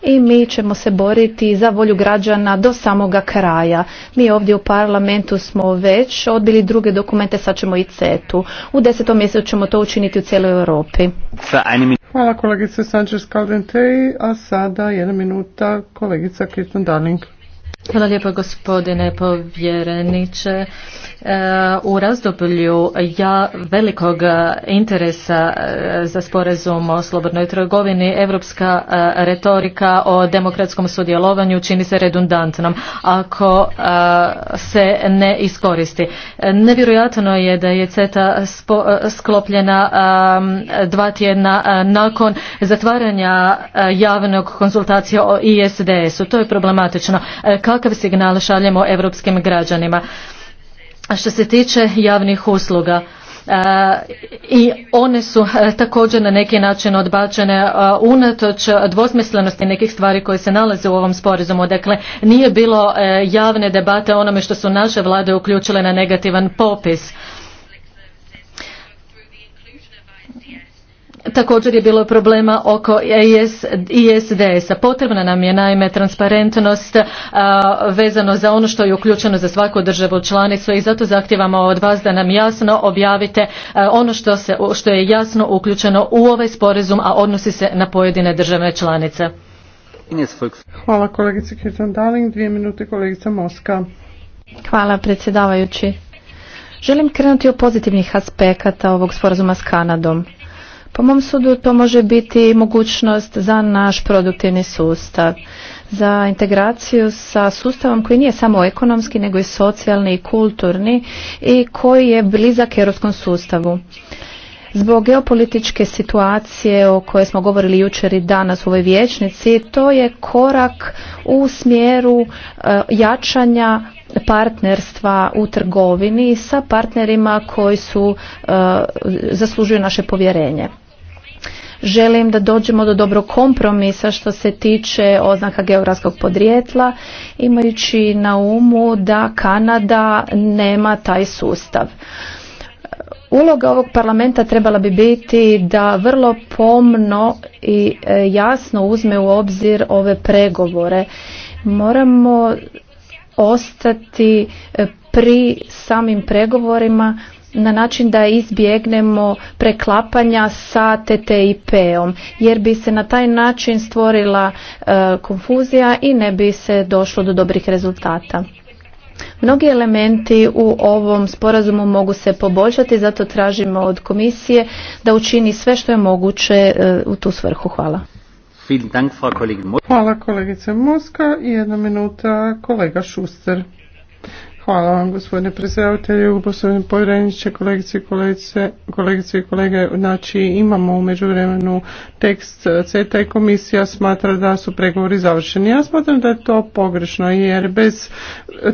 i mi ćemo se boriti za volju građana do samoga kraja. Mi ovdje u parlamentu smo već odbili druge dokumente, sad ćemo i CETU. U desetom mjesecu ćemo to učiniti u cijeloj Europi. Hvala kolegice Sanchez Caldentei, a sada jedna minuta kolegica Kirsten Darling. Hvala lijepo gospodine povjereniče. E, u razdoblju ja velikog interesa e, za sporazum o slobodnoj trgovini evropska e, retorika o demokratskom sudjelovanju čini se redundantnom ako se ne iskoristi. Nevjerojatno je da je CETA sklopljena dva tjedna nakon zatvaranja javnog konzultacija o ISDS-u. To je problematično. Kao kakav signal šaljemo europskim građanima. A što se tiče javnih usluga, e, i one su e, također na neki način odbačene e, unatoč dvosmislenosti nekih stvari koje se nalaze u ovom sporazumu. Dakle, nije bilo javne debate onome što su naše vlade uključile na negativan popis. Također je bilo problema oko e ISDS-a. Potrebna nam je naime transparentnost vezano za ono što je uključeno za svaku državu članicu i zato zahtijevamo od vas da nam jasno objavite ono što, se, je jasno uključeno u ovaj sporazum, a odnosi se na pojedine države članice. Hvala kolegice Kirtan dvije minute kolegica Moska. Hvala predsjedavajući. Želim krenuti o pozitivnih aspekata ovog sporazuma s Kanadom. Po mom sudu to može biti mogućnost za naš produktivni sustav, za integraciju sa sustavom koji nije samo ekonomski nego i socijalni i kulturni i koji je blizak europskom sustavu. Zbog geopolitičke situacije o kojoj smo govorili jučer i danas u ovoj vječnici, to je korak u smjeru e, jačanja partnerstva u trgovini sa partnerima koji su e, zaslužuju naše povjerenje. Želim da dođemo do dobrog kompromisa što se tiče oznaka geografskog podrijetla, imajući na umu da Kanada nema taj sustav. Uloga ovog parlamenta trebala bi biti da vrlo pomno i e, jasno uzme u obzir ove pregovore. Moramo ostati e, pri samim pregovorima na način da izbjegnemo preklapanja sa TTIP-om jer bi se na taj način stvorila e, konfuzija i ne bi se došlo do dobrih rezultata. Mnogi elementi u ovom sporazumu mogu se poboljšati, zato tražimo od komisije da učini sve što je moguće e, u tu svrhu. Hvala. Hvala kolegice Moska i jedna minuta kolega Šuster. Hvala vam gospodine predsjedatelju, gospodine povjereniče, kolegice i kolegice, i kolege. Znači imamo u međuvremenu tekst CETA i komisija smatra da su pregovori završeni. Ja smatram da je to pogrešno jer bez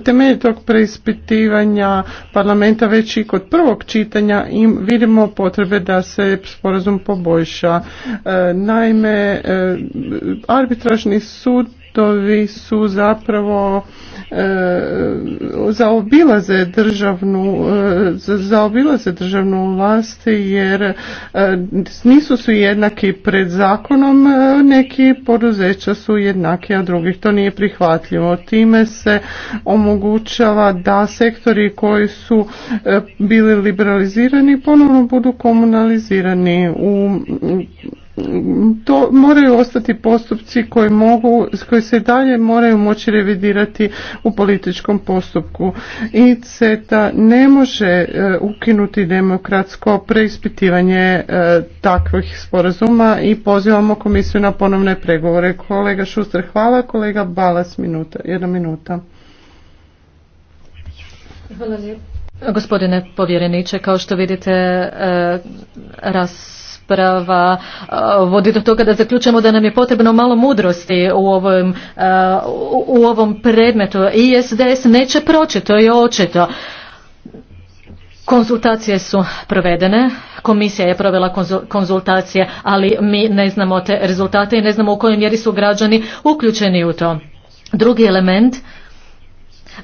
temeljitog preispitivanja parlamenta već i kod prvog čitanja vidimo potrebe da se sporazum poboljša. E, naime, e, arbitražni sud su zapravo e, zaobilaze državnu e, zaobilaze državnu vlast jer e, nisu su jednaki pred zakonom neki poduzeća su jednaki a drugih to nije prihvatljivo time se omogućava da sektori koji su bili liberalizirani ponovno budu komunalizirani u to moraju ostati postupci koji mogu, koji se dalje moraju moći revidirati u političkom postupku. I CETA ne može e, ukinuti demokratsko preispitivanje e, takvih sporazuma i pozivamo komisiju na ponovne pregovore. Kolega Šuster, hvala. Kolega Balas, minuta, jedna minuta. Hvala Gospodine povjereniče, kao što vidite, e, raz rasprava e, vodi do toga da zaključujemo da nam je potrebno malo mudrosti u ovom, e, u ovom predmetu. I SDS neće proći, to je očito. Konzultacije su provedene, komisija je provela konzultacije, ali mi ne znamo te rezultate i ne znamo u kojoj mjeri su građani uključeni u to. Drugi element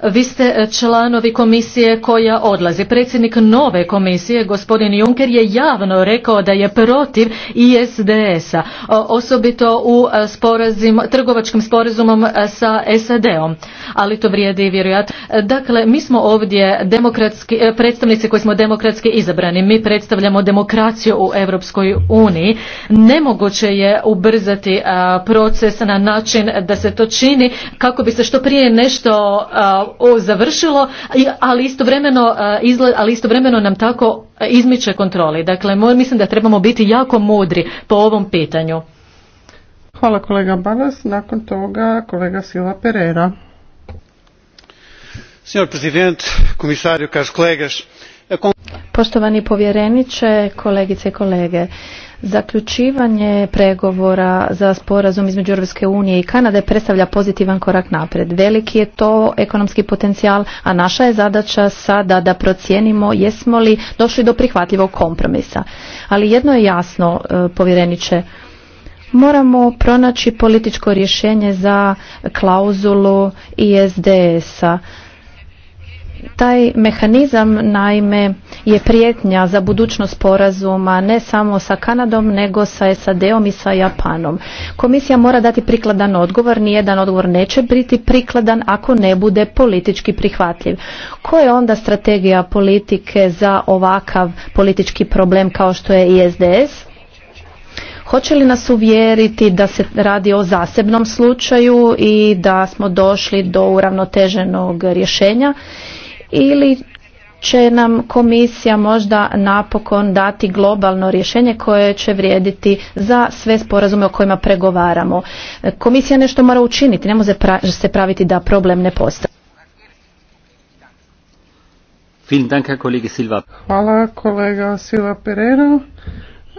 vi ste članovi komisije koja odlazi. Predsjednik nove komisije, gospodin Juncker, je javno rekao da je protiv ISDS-a, osobito u e, sporazim, trgovačkim sporazumom e, sa SAD-om. Ali to vrijedi vjerojatno. Dakle, mi smo ovdje demokratski, e, predstavnici koji smo demokratski izabrani. Mi predstavljamo demokraciju u Europskoj uniji. Nemoguće je ubrzati proces na način da se to čini kako bi se što prije nešto o završilo, ali istovremeno, ali istovremeno nam tako izmiče kontroli. Dakle, mislim da trebamo biti jako mudri po ovom pitanju. Hvala kolega Banas. Nakon toga kolega Sila Pereira. Senhor Presidente, colegas, Poštovani povjereniče, kolegice i kolege, Zaključivanje pregovora za sporazum između Europske unije i Kanade predstavlja pozitivan korak napred. Veliki je to ekonomski potencijal, a naša je zadaća sada da procijenimo jesmo li došli do prihvatljivog kompromisa. Ali jedno je jasno, e, povjereniče, moramo pronaći političko rješenje za klauzulu ISDS-a taj mehanizam naime je prijetnja za budućnost porazuma ne samo sa Kanadom nego sa SAD-om i sa Japanom. Komisija mora dati prikladan odgovor, nijedan odgovor neće biti prikladan ako ne bude politički prihvatljiv. Koja je onda strategija politike za ovakav politički problem kao što je ISDS? Hoće li nas uvjeriti da se radi o zasebnom slučaju i da smo došli do uravnoteženog rješenja ili će nam komisija možda napokon dati globalno rješenje koje će vrijediti za sve sporazume o kojima pregovaramo. Komisija nešto mora učiniti, ne može se praviti da problem ne postoji. Hvala kolega Silva Pereira.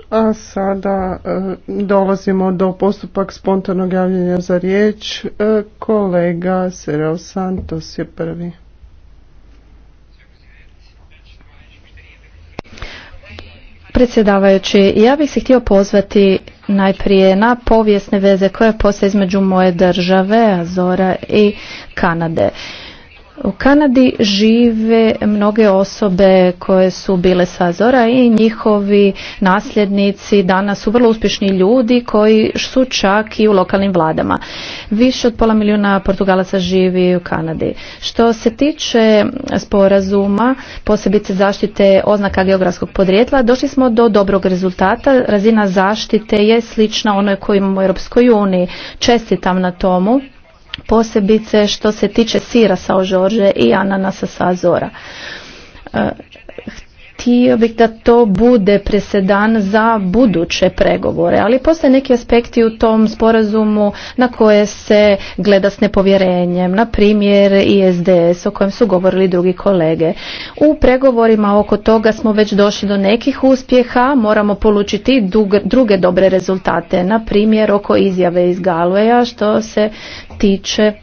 A sada e, dolazimo do postupak spontanog javljanja za riječ. E, kolega Sereo Santos je prvi. Predsjedavajući, ja bih se htio pozvati najprije na povijesne veze koje postoje između moje države, Azora i Kanade. U Kanadi žive mnoge osobe koje su bile sa Azora i njihovi nasljednici danas su vrlo uspješni ljudi koji su čak i u lokalnim vladama. Više od pola milijuna Portugalaca živi u Kanadi. Što se tiče sporazuma, posebice zaštite oznaka geografskog podrijetla, došli smo do dobrog rezultata. Razina zaštite je slična onoj koju imamo u Europskoj uniji. Čestitam na tomu posebice što se tiče sira sa Ožorže i ananasa sa Azora. E, htio bih da to bude presedan za buduće pregovore, ali postoje neki aspekti u tom sporazumu na koje se gleda s nepovjerenjem, na primjer ISDS o kojem su govorili drugi kolege. U pregovorima oko toga smo već došli do nekih uspjeha, moramo polučiti druge dobre rezultate, na primjer oko izjave iz Galveja što se tiče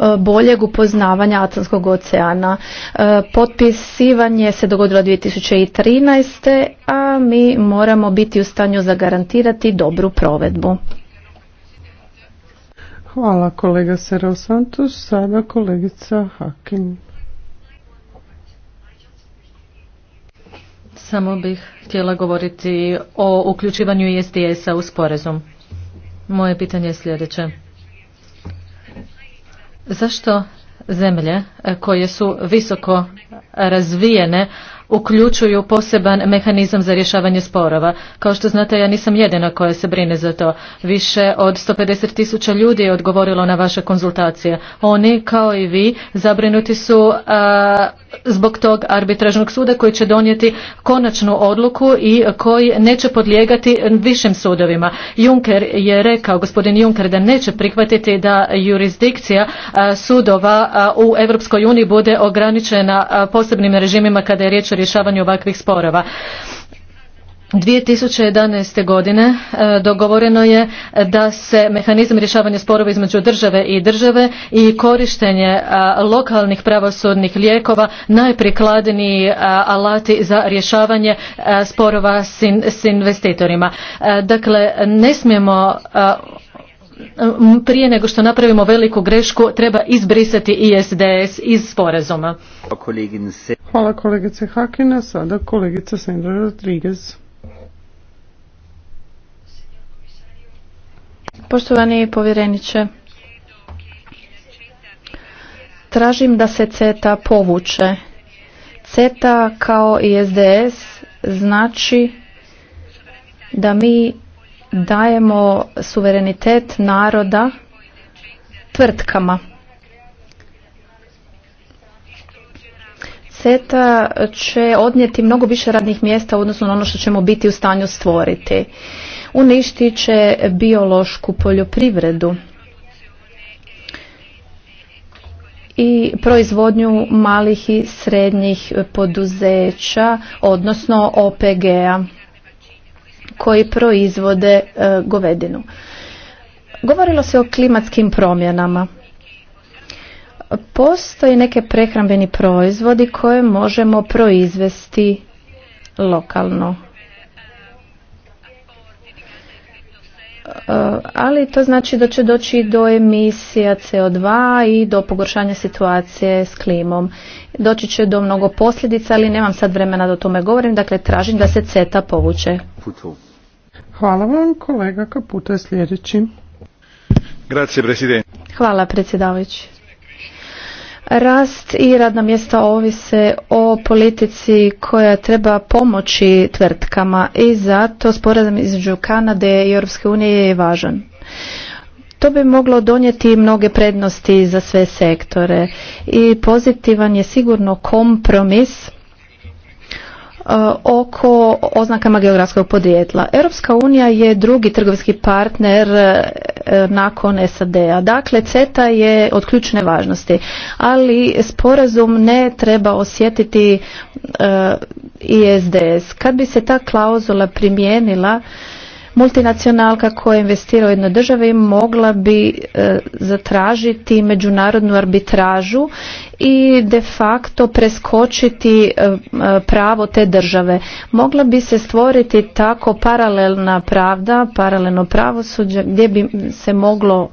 E, boljeg upoznavanja Atlantskog oceana. E, potpisivanje se dogodilo 2013. a mi moramo biti u stanju zagarantirati dobru provedbu. Hvala kolega Sero Santos. Sada kolegica Hakim. Samo bih htjela govoriti o uključivanju ISDS-a e u sporazum. Moje pitanje je sljedeće. Zašto zemlje eh, koje su visoko razvijene uključuju poseban mehanizam za rješavanje sporova. Kao što znate, ja nisam jedina koja se brine za to. Više od 150 tisuća ljudi je odgovorilo na vaše konzultacije. Oni, kao i vi, zabrinuti su zbog tog arbitražnog suda koji će donijeti konačnu odluku i koji neće podlijegati višim sudovima. Juncker je rekao, gospodin Juncker, da neće prihvatiti da jurisdikcija sudova u Europskoj uniji bude ograničena posebnim režimima kada je riječ o rješavanju ovakvih sporova. 2011. godine e, dogovoreno je da se mehanizam rješavanja sporova između države i države i korištenje e, lokalnih pravosudnih lijekova najprikladniji e, alati za rješavanje sporova s investitorima. Dakle, ne smijemo prije nego što napravimo veliku grešku treba izbrisati ISDS iz sporazuma. Hvala kolegice Hakina, sada kolegica Sandra Rodriguez. Poštovani povjereniče, tražim da se CETA povuče. CETA kao ISDS znači da mi dajemo suverenitet naroda tvrtkama. CETA će odnijeti mnogo više radnih mjesta odnosno na ono što ćemo biti u stanju stvoriti. Uništit će biološku poljoprivredu i proizvodnju malih i srednjih poduzeća, odnosno OPG-a koji proizvode e, govedinu. Govorilo se o klimatskim promjenama. Postoje neke prehrambeni proizvodi koje možemo proizvesti lokalno. E, ali to znači da će doći do emisija CO2 i do pogoršanja situacije s klimom. Doći će do mnogo posljedica, ali nemam sad vremena da o tome govorim, dakle tražim da se CETA povuče. Hvala vam, kolega Kaputa sljedeći. Grazie, Hvala, predsjedavajući. Rast i radna mjesta ovise o politici koja treba pomoći tvrtkama i zato sporazum između Kanade i Europske unije je važan. To bi moglo donijeti mnoge prednosti za sve sektore i pozitivan je sigurno kompromis Eh, oko oznakama geografskog podrijetla. Europska unija je drugi trgovski partner eh, nakon SAD-a. Dakle, CETA je od ključne važnosti, ali sporazum ne treba osjetiti eh, ISDS. Kad bi se ta klauzula primijenila, multinacionalka koja investira u jednoj državi mogla bi e, zatražiti međunarodnu arbitražu i de facto preskočiti e, e, pravo te države. Mogla bi se stvoriti tako paralelna pravda, paralelno pravosuđe gdje bi se moglo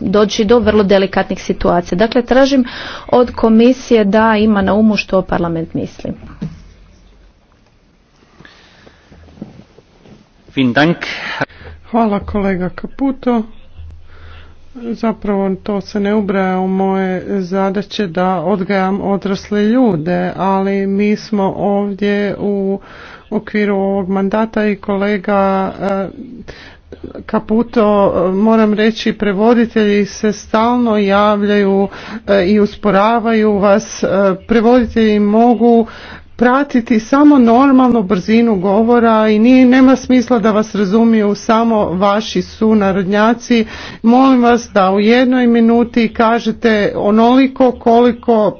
doći do vrlo delikatnih situacija. Dakle, tražim od komisije da ima na umu što parlament misli. Hvala kolega Kaputo. Zapravo to se ne ubraja u moje zadaće da odgajam odrasle ljude, ali mi smo ovdje u okviru ovog mandata i kolega Kaputo, e, moram reći, prevoditelji se stalno javljaju e, i usporavaju vas. E, prevoditelji mogu pratiti samo normalnu brzinu govora i nije, nema smisla da vas razumiju samo vaši sunarodnjaci. Molim vas da u jednoj minuti kažete onoliko koliko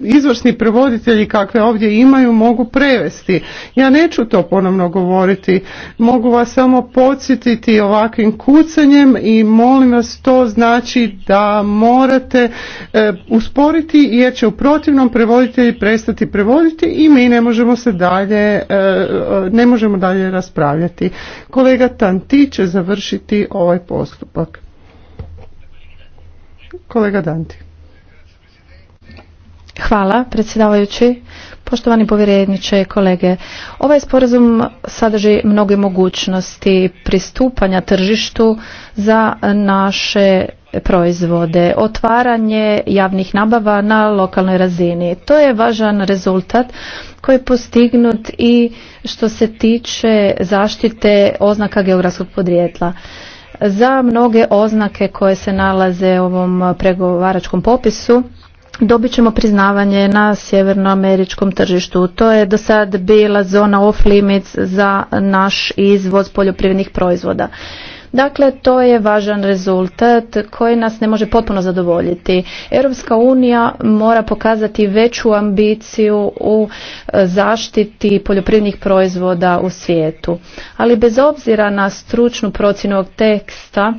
izvrsni prevoditelji kakve ovdje imaju mogu prevesti. Ja neću to ponovno govoriti, mogu vas samo podsjetiti ovakvim kucanjem i molim vas to znači da morate e, usporiti jer će u protivnom prevoditelji prestati prevoditi i mi ne možemo se dalje e, e, ne možemo dalje raspravljati. Kolega Tanti će završiti ovaj postupak. Kolega Danti. Hvala, predsjedavajući. Poštovani povjereniče, kolege, ovaj sporazum sadrži mnoge mogućnosti pristupanja tržištu za naše proizvode, otvaranje javnih nabava na lokalnoj razini. To je važan rezultat koji je postignut i što se tiče zaštite oznaka geografskog podrijetla. Za mnoge oznake koje se nalaze u ovom pregovaračkom popisu dobit ćemo priznavanje na sjevernoameričkom tržištu. To je do sad bila zona off limits za naš izvoz poljoprivrednih proizvoda. Dakle, to je važan rezultat koji nas ne može potpuno zadovoljiti. Europska unija mora pokazati veću ambiciju u e, zaštiti poljoprivrednih proizvoda u svijetu. Ali bez obzira na stručnu procjenu teksta,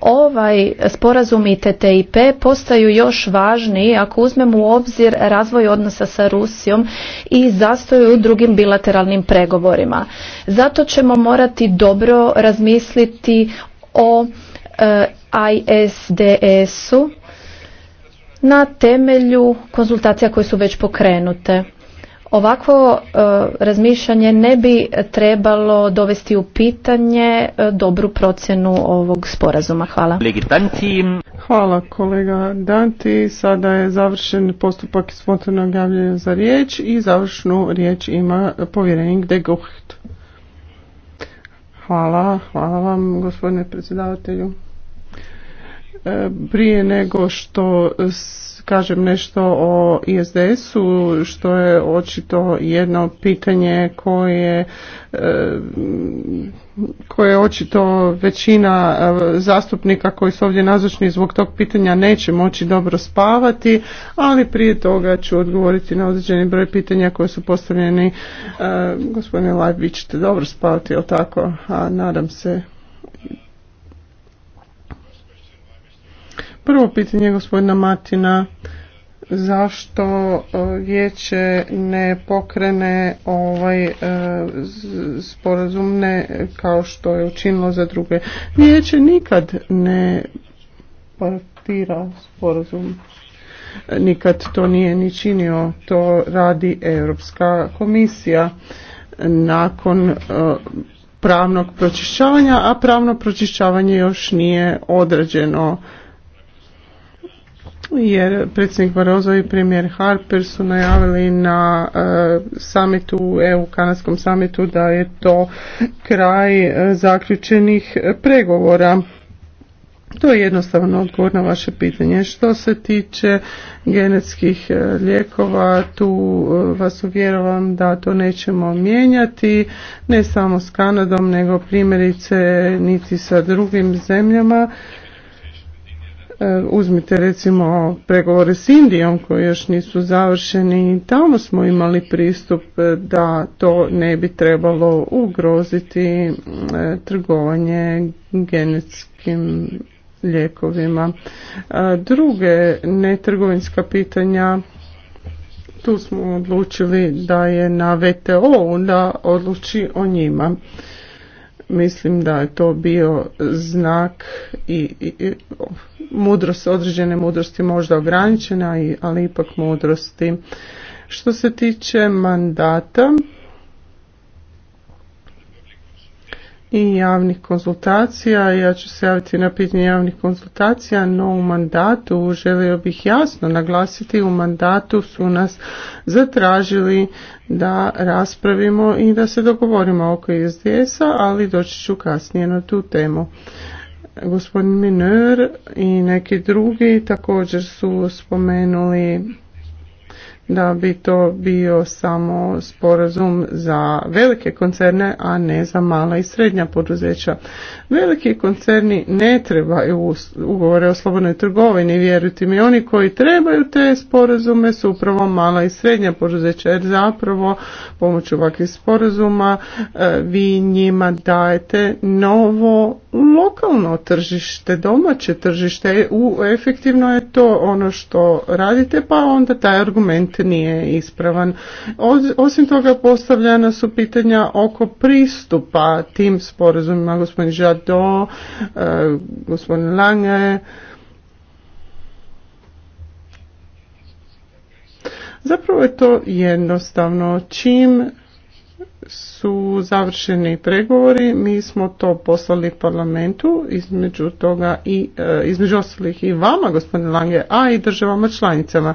Ovaj sporazum i TTIP postaju još važniji ako uzmemo u obzir razvoj odnosa sa Rusijom i zastoju u drugim bilateralnim pregovorima. Zato ćemo morati dobro razmisliti o e, eh, ISDS-u na temelju konzultacija koje su već pokrenute. Ovako e, razmišljanje ne bi trebalo dovesti u pitanje e, dobru procjenu ovog sporazuma. Hvala. Hvala kolega Danti. Sada je završen postupak spontanog javljanja za riječ i završnu riječ ima povjerenik de Gucht. Hvala, hvala vam gospodine predsjedavatelju. E, prije nego što kažem nešto o ISDS-u, što je očito jedno pitanje koje, eh, koje očito većina eh, zastupnika koji su ovdje nazočni zbog tog pitanja neće moći dobro spavati, ali prije toga ću odgovoriti na određeni broj pitanja koje su postavljeni. Eh, gospodine Lajb, vi ćete dobro spavati, o tako? A nadam se Prvo pitanje gospodina Martina zašto e, vijeće ne pokrene ovaj e, sporazum ne kao što je učinilo za druge. Vijeće nikad ne partira sporazum. Nikad to nije ni činio, to radi Europska komisija nakon e, pravnog pročišćavanja, a pravno pročišćavanje još nije određeno jer predsjednik Barozo i premijer Harper su najavili na e, samitu, EU-kanadskom samitu da je to kraj e, zaključenih pregovora. To je jednostavno odgovor na vaše pitanje. Što se tiče genetskih e, lijekova, tu vas uvjerovam da to nećemo mijenjati, ne samo s Kanadom, nego primjerice niti sa drugim zemljama E, uzmite recimo pregovore s Indijom koji još nisu završeni i tamo smo imali pristup e, da to ne bi trebalo ugroziti e, trgovanje genetskim lijekovima. Druge netrgovinska pitanja tu smo odlučili da je na VTO da odluči o njima. Mislim da je to bio znak i, i, i mudrost, određene mudrosti možda ograničena, ali ipak mudrosti. Što se tiče mandata, i javnih konzultacija. Ja ću se javiti na pitanje javnih konzultacija, no u mandatu želio bih jasno naglasiti, u mandatu su nas zatražili da raspravimo i da se dogovorimo oko SDS-a, ali doći ću kasnije na tu temu. Gospodin Minör i neki drugi također su spomenuli da bi to bio samo sporazum za velike koncerne, a ne za mala i srednja poduzeća. Veliki koncerni ne trebaju ugovore o slobodnoj trgovini, vjerujte mi, oni koji trebaju te sporazume su upravo mala i srednja poduzeća, jer zapravo pomoću ovakvih sporazuma e, vi njima dajete novo lokalno tržište, domaće tržište, e, u, efektivno je to ono što radite, pa onda taj argument nije ispravan. Osim toga postavljena su pitanja oko pristupa tim sporazumima, gospodin Žado, e, gospodin Lange, Zapravo je to jednostavno. Čim su završeni pregovori, mi smo to poslali parlamentu, između toga i e, između ostalih i vama gospodine Lange, a i državama članicama.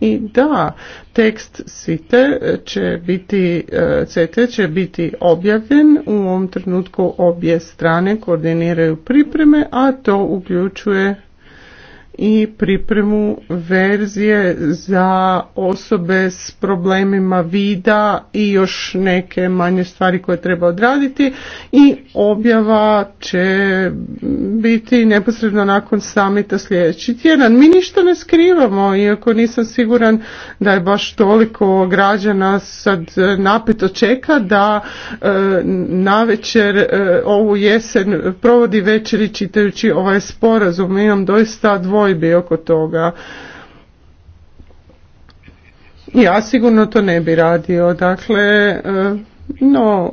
I da, tekst CITE će biti, e, CT će biti objavljen, u ovom trenutku obje strane koordiniraju pripreme, a to uključuje i pripremu verzije za osobe s problemima vida i još neke manje stvari koje treba odraditi i objava će biti neposredno nakon samita sljedeći tjedan. Mi ništa ne skrivamo iako nisam siguran da je baš toliko građana sad napeto čeka da e, navečer e, ovu jesen provodi večeri čitajući ovaj sporazum. Imam doista dvoje dvojbi oko toga. Ja sigurno to ne bi radio, dakle, eh, no,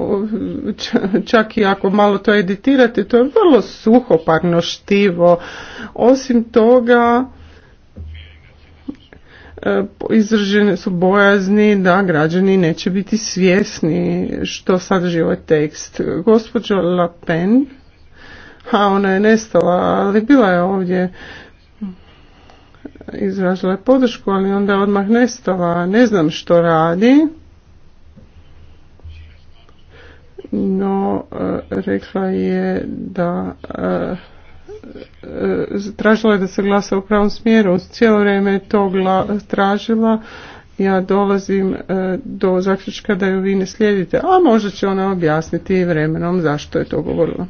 čak i ako malo to editirate, to je vrlo suhoparno štivo. Osim toga, eh, izražene su bojazni da građani neće biti svjesni što sadrži ovaj tekst. Gospođo Lapen, a ona je nestala, ali bila je ovdje izražila je podršku, ali onda je odmah nestala. Ne znam što radi. No, e, rekla je da e, e, tražila je da se glasa u pravom smjeru. Cijelo vrijeme je to tražila. Ja dolazim do zaključka da ju vi ne slijedite, a možda će ona objasniti vremenom zašto je to govorila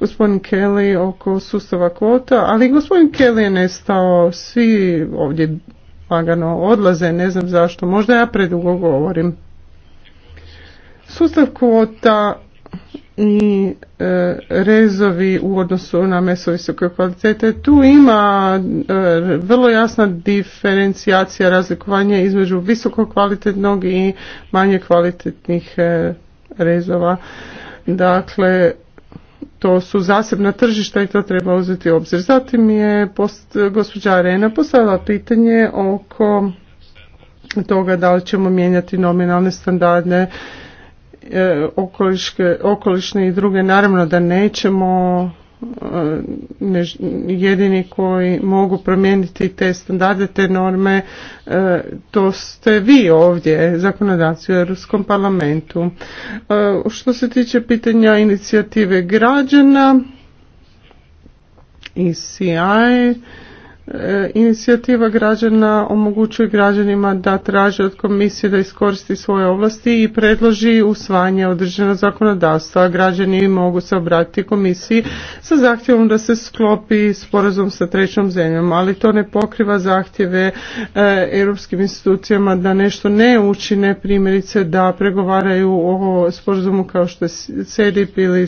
gospodin Kelly oko sustava kvota, ali gospodin Kelly je nestao, svi ovdje lagano odlaze, ne znam zašto, možda ja predugo govorim. Sustav kvota i e, rezovi u odnosu na meso visoke kvalitete. Tu ima e, vrlo jasna diferencijacija razlikovanja između visoko kvalitetnog i manje kvalitetnih e, rezova. Dakle, to su zasebna tržišta i to treba uzeti u obzir. Zatim je post, gospođa Arena postavila pitanje oko toga da li ćemo mijenjati nominalne standarde e, okolišne i druge. Naravno da nećemo jedini koji mogu promijeniti te standarde, te norme, e, to ste vi ovdje, zakonodavci u Europskom parlamentu. E, što se tiče pitanja inicijative građana, ICI, e E, inicijativa građana omogućuje građanima da traže od komisije da iskoristi svoje ovlasti i predloži usvajanje određenog zakonodavstva. Građani mogu se obratiti komisiji sa zahtjevom da se sklopi sporazum sa trećom zemljom, ali to ne pokriva zahtjeve e, europskim institucijama da nešto ne učine, primjerice da pregovaraju o sporazumu kao što je CEDIP ili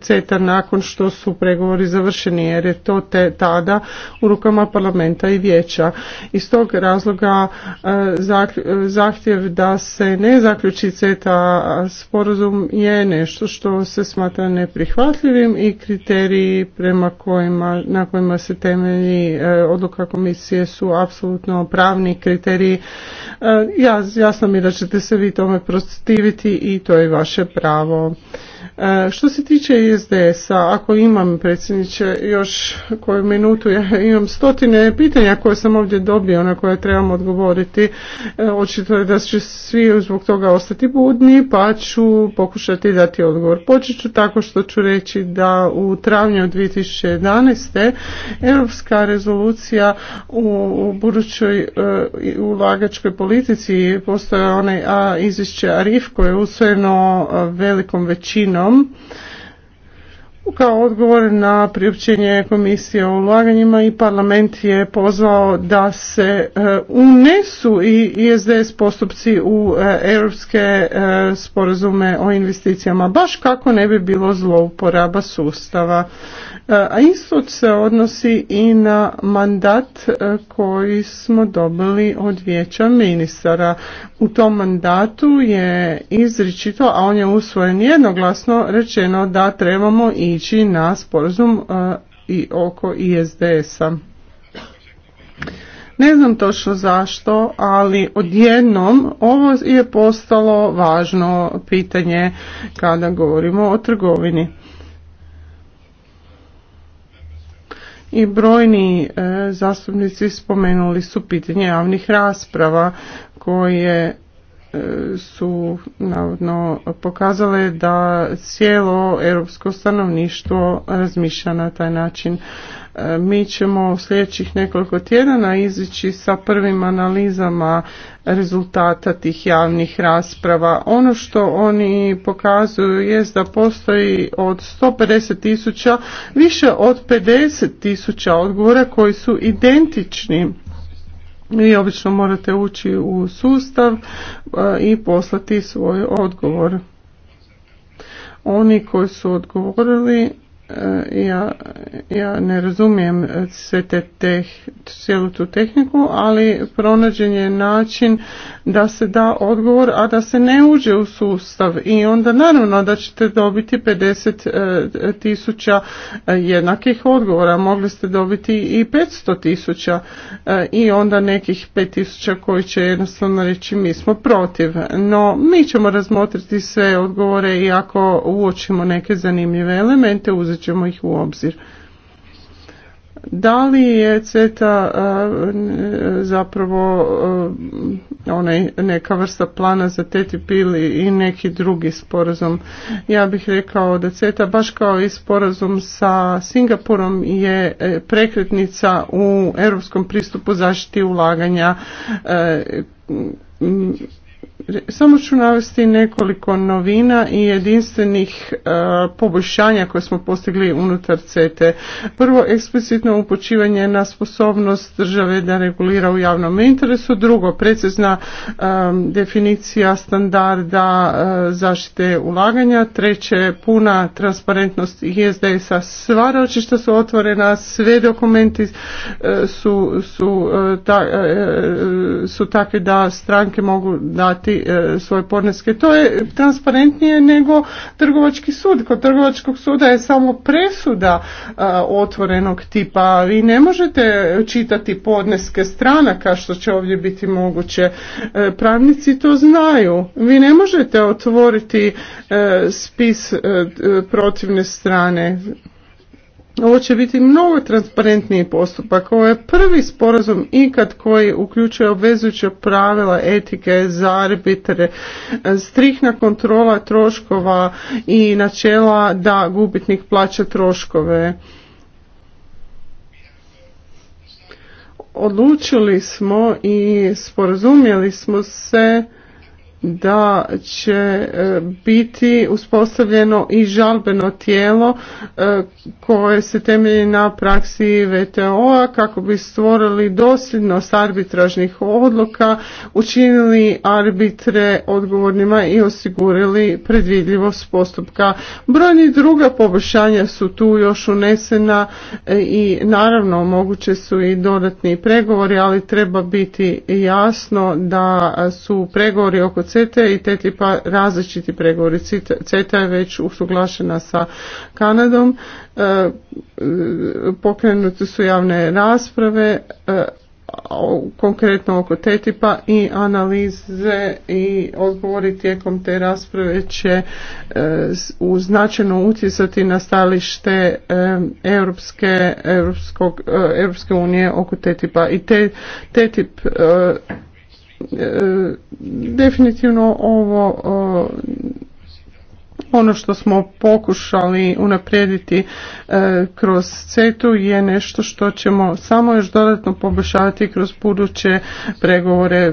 CETA nakon što su pregovori završeni jer je to te tada u rukama parlamenta i vijeća. Iz tog razloga e, zahtjev da se ne zaključi CETA sporazum je nešto što se smatra neprihvatljivim i kriteriji prema kojima, na kojima se temelji e, odluka komisije su apsolutno pravni kriteriji. E, ja, jasno mi da ćete se vi tome protiviti i to je vaše pravo. E, što se tiče ISDS-a, ako imam predsjedniče još koju minutu, ja imam stotine pitanja koje sam ovdje dobio na koje trebam odgovoriti. E, očito je da će svi zbog toga ostati budni pa ću pokušati dati odgovor. Počet ću tako što ću reći da u travnju 2011. Europska rezolucija u budućoj e, ulagačkoj politici postoje onaj izvješće ARIF koje je usvojeno velikom većinom u kao odgovor na priopćenje komisije o ulaganjima i parlament je pozvao da se e, unesu i ISDS postupci u e, europske e, sporazume o investicijama, baš kako ne bi bilo zlouporaba sustava. E, a isto se odnosi i na mandat e, koji smo dobili od vijeća ministara. U tom mandatu je izričito, a on je usvojen jednoglasno, rečeno da trebamo ići na sporazum e, i oko ISDS-a. Ne znam točno zašto, ali odjednom ovo je postalo važno pitanje kada govorimo o trgovini. i brojni e, zastupnici spomenuli su pitanje javnih rasprava koje e, su navodno pokazale da cijelo europsko stanovništvo razmišlja na taj način. E, mi ćemo u sljedećih nekoliko tjedana izići sa prvim analizama rezultata tih javnih rasprava. Ono što oni pokazuju je da postoji od 150 tisuća više od 50 tisuća odgovora koji su identični vi obično morate ući u sustav e, i poslati svoj odgovor. Oni koji su odgovorili E, ja, ja ne razumijem sve te teh, cijelu tu tehniku, ali pronađen je način da se da odgovor, a da se ne uđe u sustav i onda naravno da ćete dobiti 50 e, tisuća e, jednakih odgovora, mogli ste dobiti i 500 tisuća i onda nekih 5 tisuća koji će jednostavno reći mi smo protiv, no mi ćemo razmotriti sve odgovore i ako uočimo neke zanimljive elemente uzeti ćemo ih u obzir. Da li je CETA zapravo onaj, neka vrsta plana za TTIP ili i neki drugi sporazum? Ja bih rekao da CETA baš kao i sporazum sa Singapurom je e, prekretnica u europskom pristupu zaštiti ulaganja e, samo ću navesti nekoliko novina i jedinstvenih e, poboljšanja koje smo postigli unutar CT. Prvo, eksplicitno upočivanje na sposobnost države da regulira u javnom interesu. Drugo, precizna e, definicija standarda e, zaštite ulaganja. Treće, puna transparentnost ISDS-a. Sva ročišta su otvorena, sve dokumenti su, su, su takvi da stranke mogu dati E, svoje podneske. To je transparentnije nego trgovački sud. Kod trgovačkog suda je samo presuda e, otvorenog tipa. Vi ne možete čitati podneske stranaka što će ovdje biti moguće. E, pravnici to znaju. Vi ne možete otvoriti spis protivne strane ovo će biti mnogo transparentniji postupak. Ovo je prvi sporazum ikad koji uključuje obvezujuća pravila etike za arbitre, strihna kontrola troškova i načela da gubitnik plaća troškove. Odlučili smo i sporazumjeli smo se da će e, biti uspostavljeno i žalbeno tijelo e, koje se temelji na praksi VTO-a kako bi stvorili dosljednost arbitražnih odluka, učinili arbitre odgovornima i osigurili predvidljivost postupka. Brojni druga poboljšanja su tu još unesena e, i naravno moguće su i dodatni pregovori, ali treba biti jasno da su pregovori oko CETA i te tipa različiti pregovori. CETA je već usuglašena sa Kanadom, e, pokrenute su javne rasprave, e, konkretno oko TTIP-a i analize i odgovori tijekom te rasprave će e, značajno utjecati na stalište Europske, Europske unije oko TTIP-a i te, TTIP E, definitivno ovo ono što smo pokušali unaprijediti e, kroz CETU je nešto što ćemo samo još dodatno poboljšavati kroz buduće pregovore. E,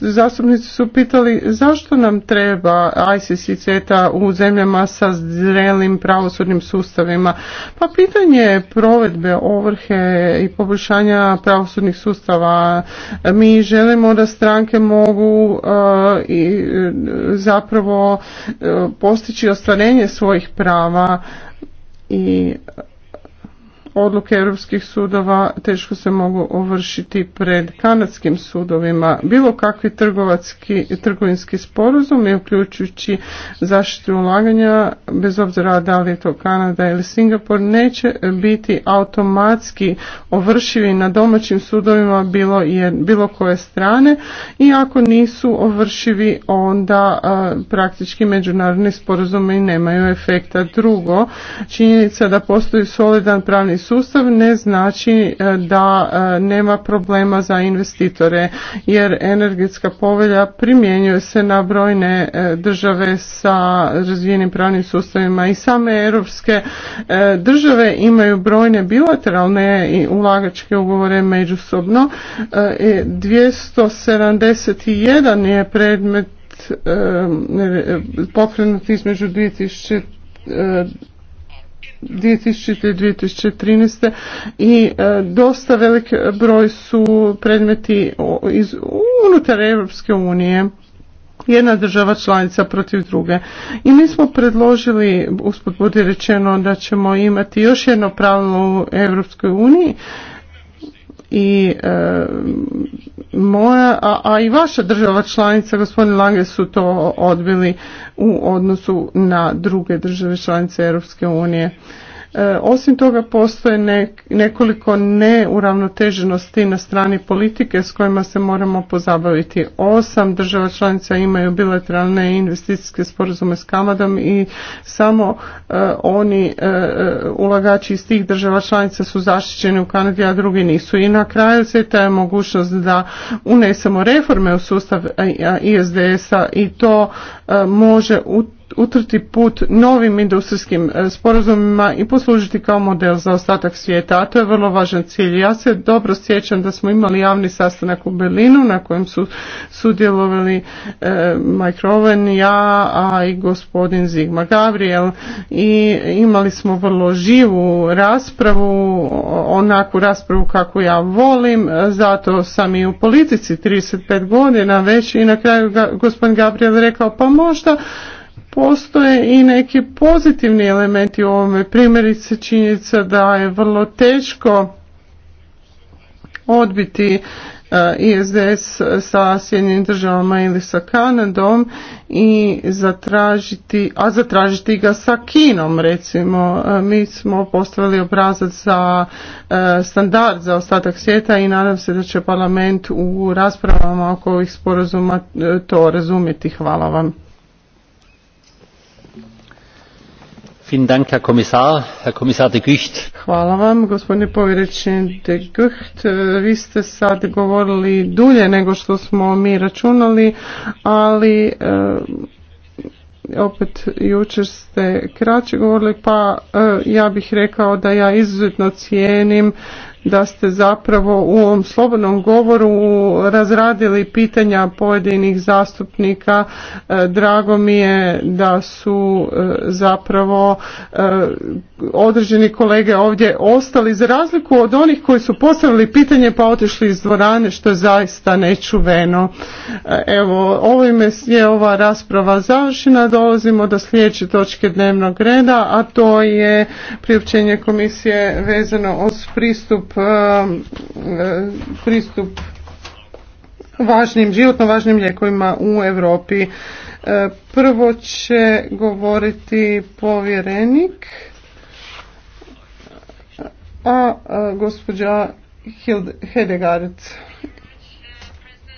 zastupnici su pitali zašto nam treba ICC CETA u zemljama sa zrelim pravosudnim sustavima. Pa pitanje provedbe ovrhe i poboljšanja pravosudnih sustava. Mi želimo da stranke mogu e, i zapravo postići omogući znači, ostvarenje svojih prava i odluke europskih sudova teško se mogu ovršiti pred kanadskim sudovima. Bilo kakvi trgovatski, trgovinski sporazumi, uključujući zaštitu ulaganja, bez obzira da li je to Kanada ili Singapur, neće biti automatski ovršivi na domaćim sudovima bilo, je, bilo koje strane i ako nisu ovršivi onda praktički međunarodni sporazumi nemaju efekta. Drugo, činjenica da postoji solidan pravni sustav ne znači e, da e, nema problema za investitore jer energetska povelja primjenjuje se na brojne e, države sa razvijenim pravnim sustavima i same europske države imaju brojne bilateralne i ulagačke ugovore međusobno. 271 je predmet pokrenut između 2000 2000. i 2013. i e, dosta velik broj su predmeti iz, unutar Europske unije jedna država članica protiv druge. I mi smo predložili, usput budi rečeno, da ćemo imati još jedno pravilo u Europskoj uniji i e, moja, a, a i vaša država članica, gospodin Lange, su to odbili u odnosu na druge države članice Europske unije. E, osim toga postoje nekoliko neuravnoteženosti na strani politike s kojima se moramo pozabaviti. Osam država članica imaju bilateralne investicijske sporazume s Kanadom i samo e, oni e, ulagači iz tih država članica su zaštićeni u Kanadi, a drugi nisu. I na kraju se je mogućnost da unesemo reforme u sustav ISDS-a i to može utrti put novim industrijskim e, sporazumima i poslužiti kao model za ostatak svijeta, a to je vrlo važan cilj. Ja se dobro sjećam da smo imali javni sastanak u Berlinu na kojem su sudjelovali e, Mike Rowan, ja, a i gospodin Zigma Gabriel i imali smo vrlo živu raspravu, onakvu raspravu kako ja volim, e, zato sam i u politici 35 godina već i na kraju ga, gospodin Gabriel rekao pa možda postoje i neki pozitivni elementi u ovome. Primjerice činjenica da je vrlo teško odbiti e, ISDS sa Sjedinim državama ili sa Kanadom i zatražiti, a zatražiti ga sa Kinom recimo. E, mi smo postavili obrazac za e, standard za ostatak svijeta i nadam se da će parlament u raspravama oko ovih sporazuma to razumjeti. Hvala vam. Hvala vam, gospodine povjereći de Gucht. E, vi ste sad govorili dulje nego što smo mi računali, ali e, opet jučer ste kraće govorili, pa e, ja bih rekao da ja izuzetno cijenim da ste zapravo u ovom slobodnom govoru razradili pitanja pojedinih zastupnika. E, drago mi je da su e, zapravo e, određeni kolege ovdje ostali za razliku od onih koji su postavili pitanje pa otišli iz dvorane što je zaista nečuveno. Evo, ovime je ova rasprava završena. Dolazimo do sljedeće točke dnevnog reda, a to je priopćenje komisije vezano uz pristup E, e, pristup važnim, životno važnim lijekovima u Europi. E, prvo će govoriti povjerenik, a gospođa Hildegard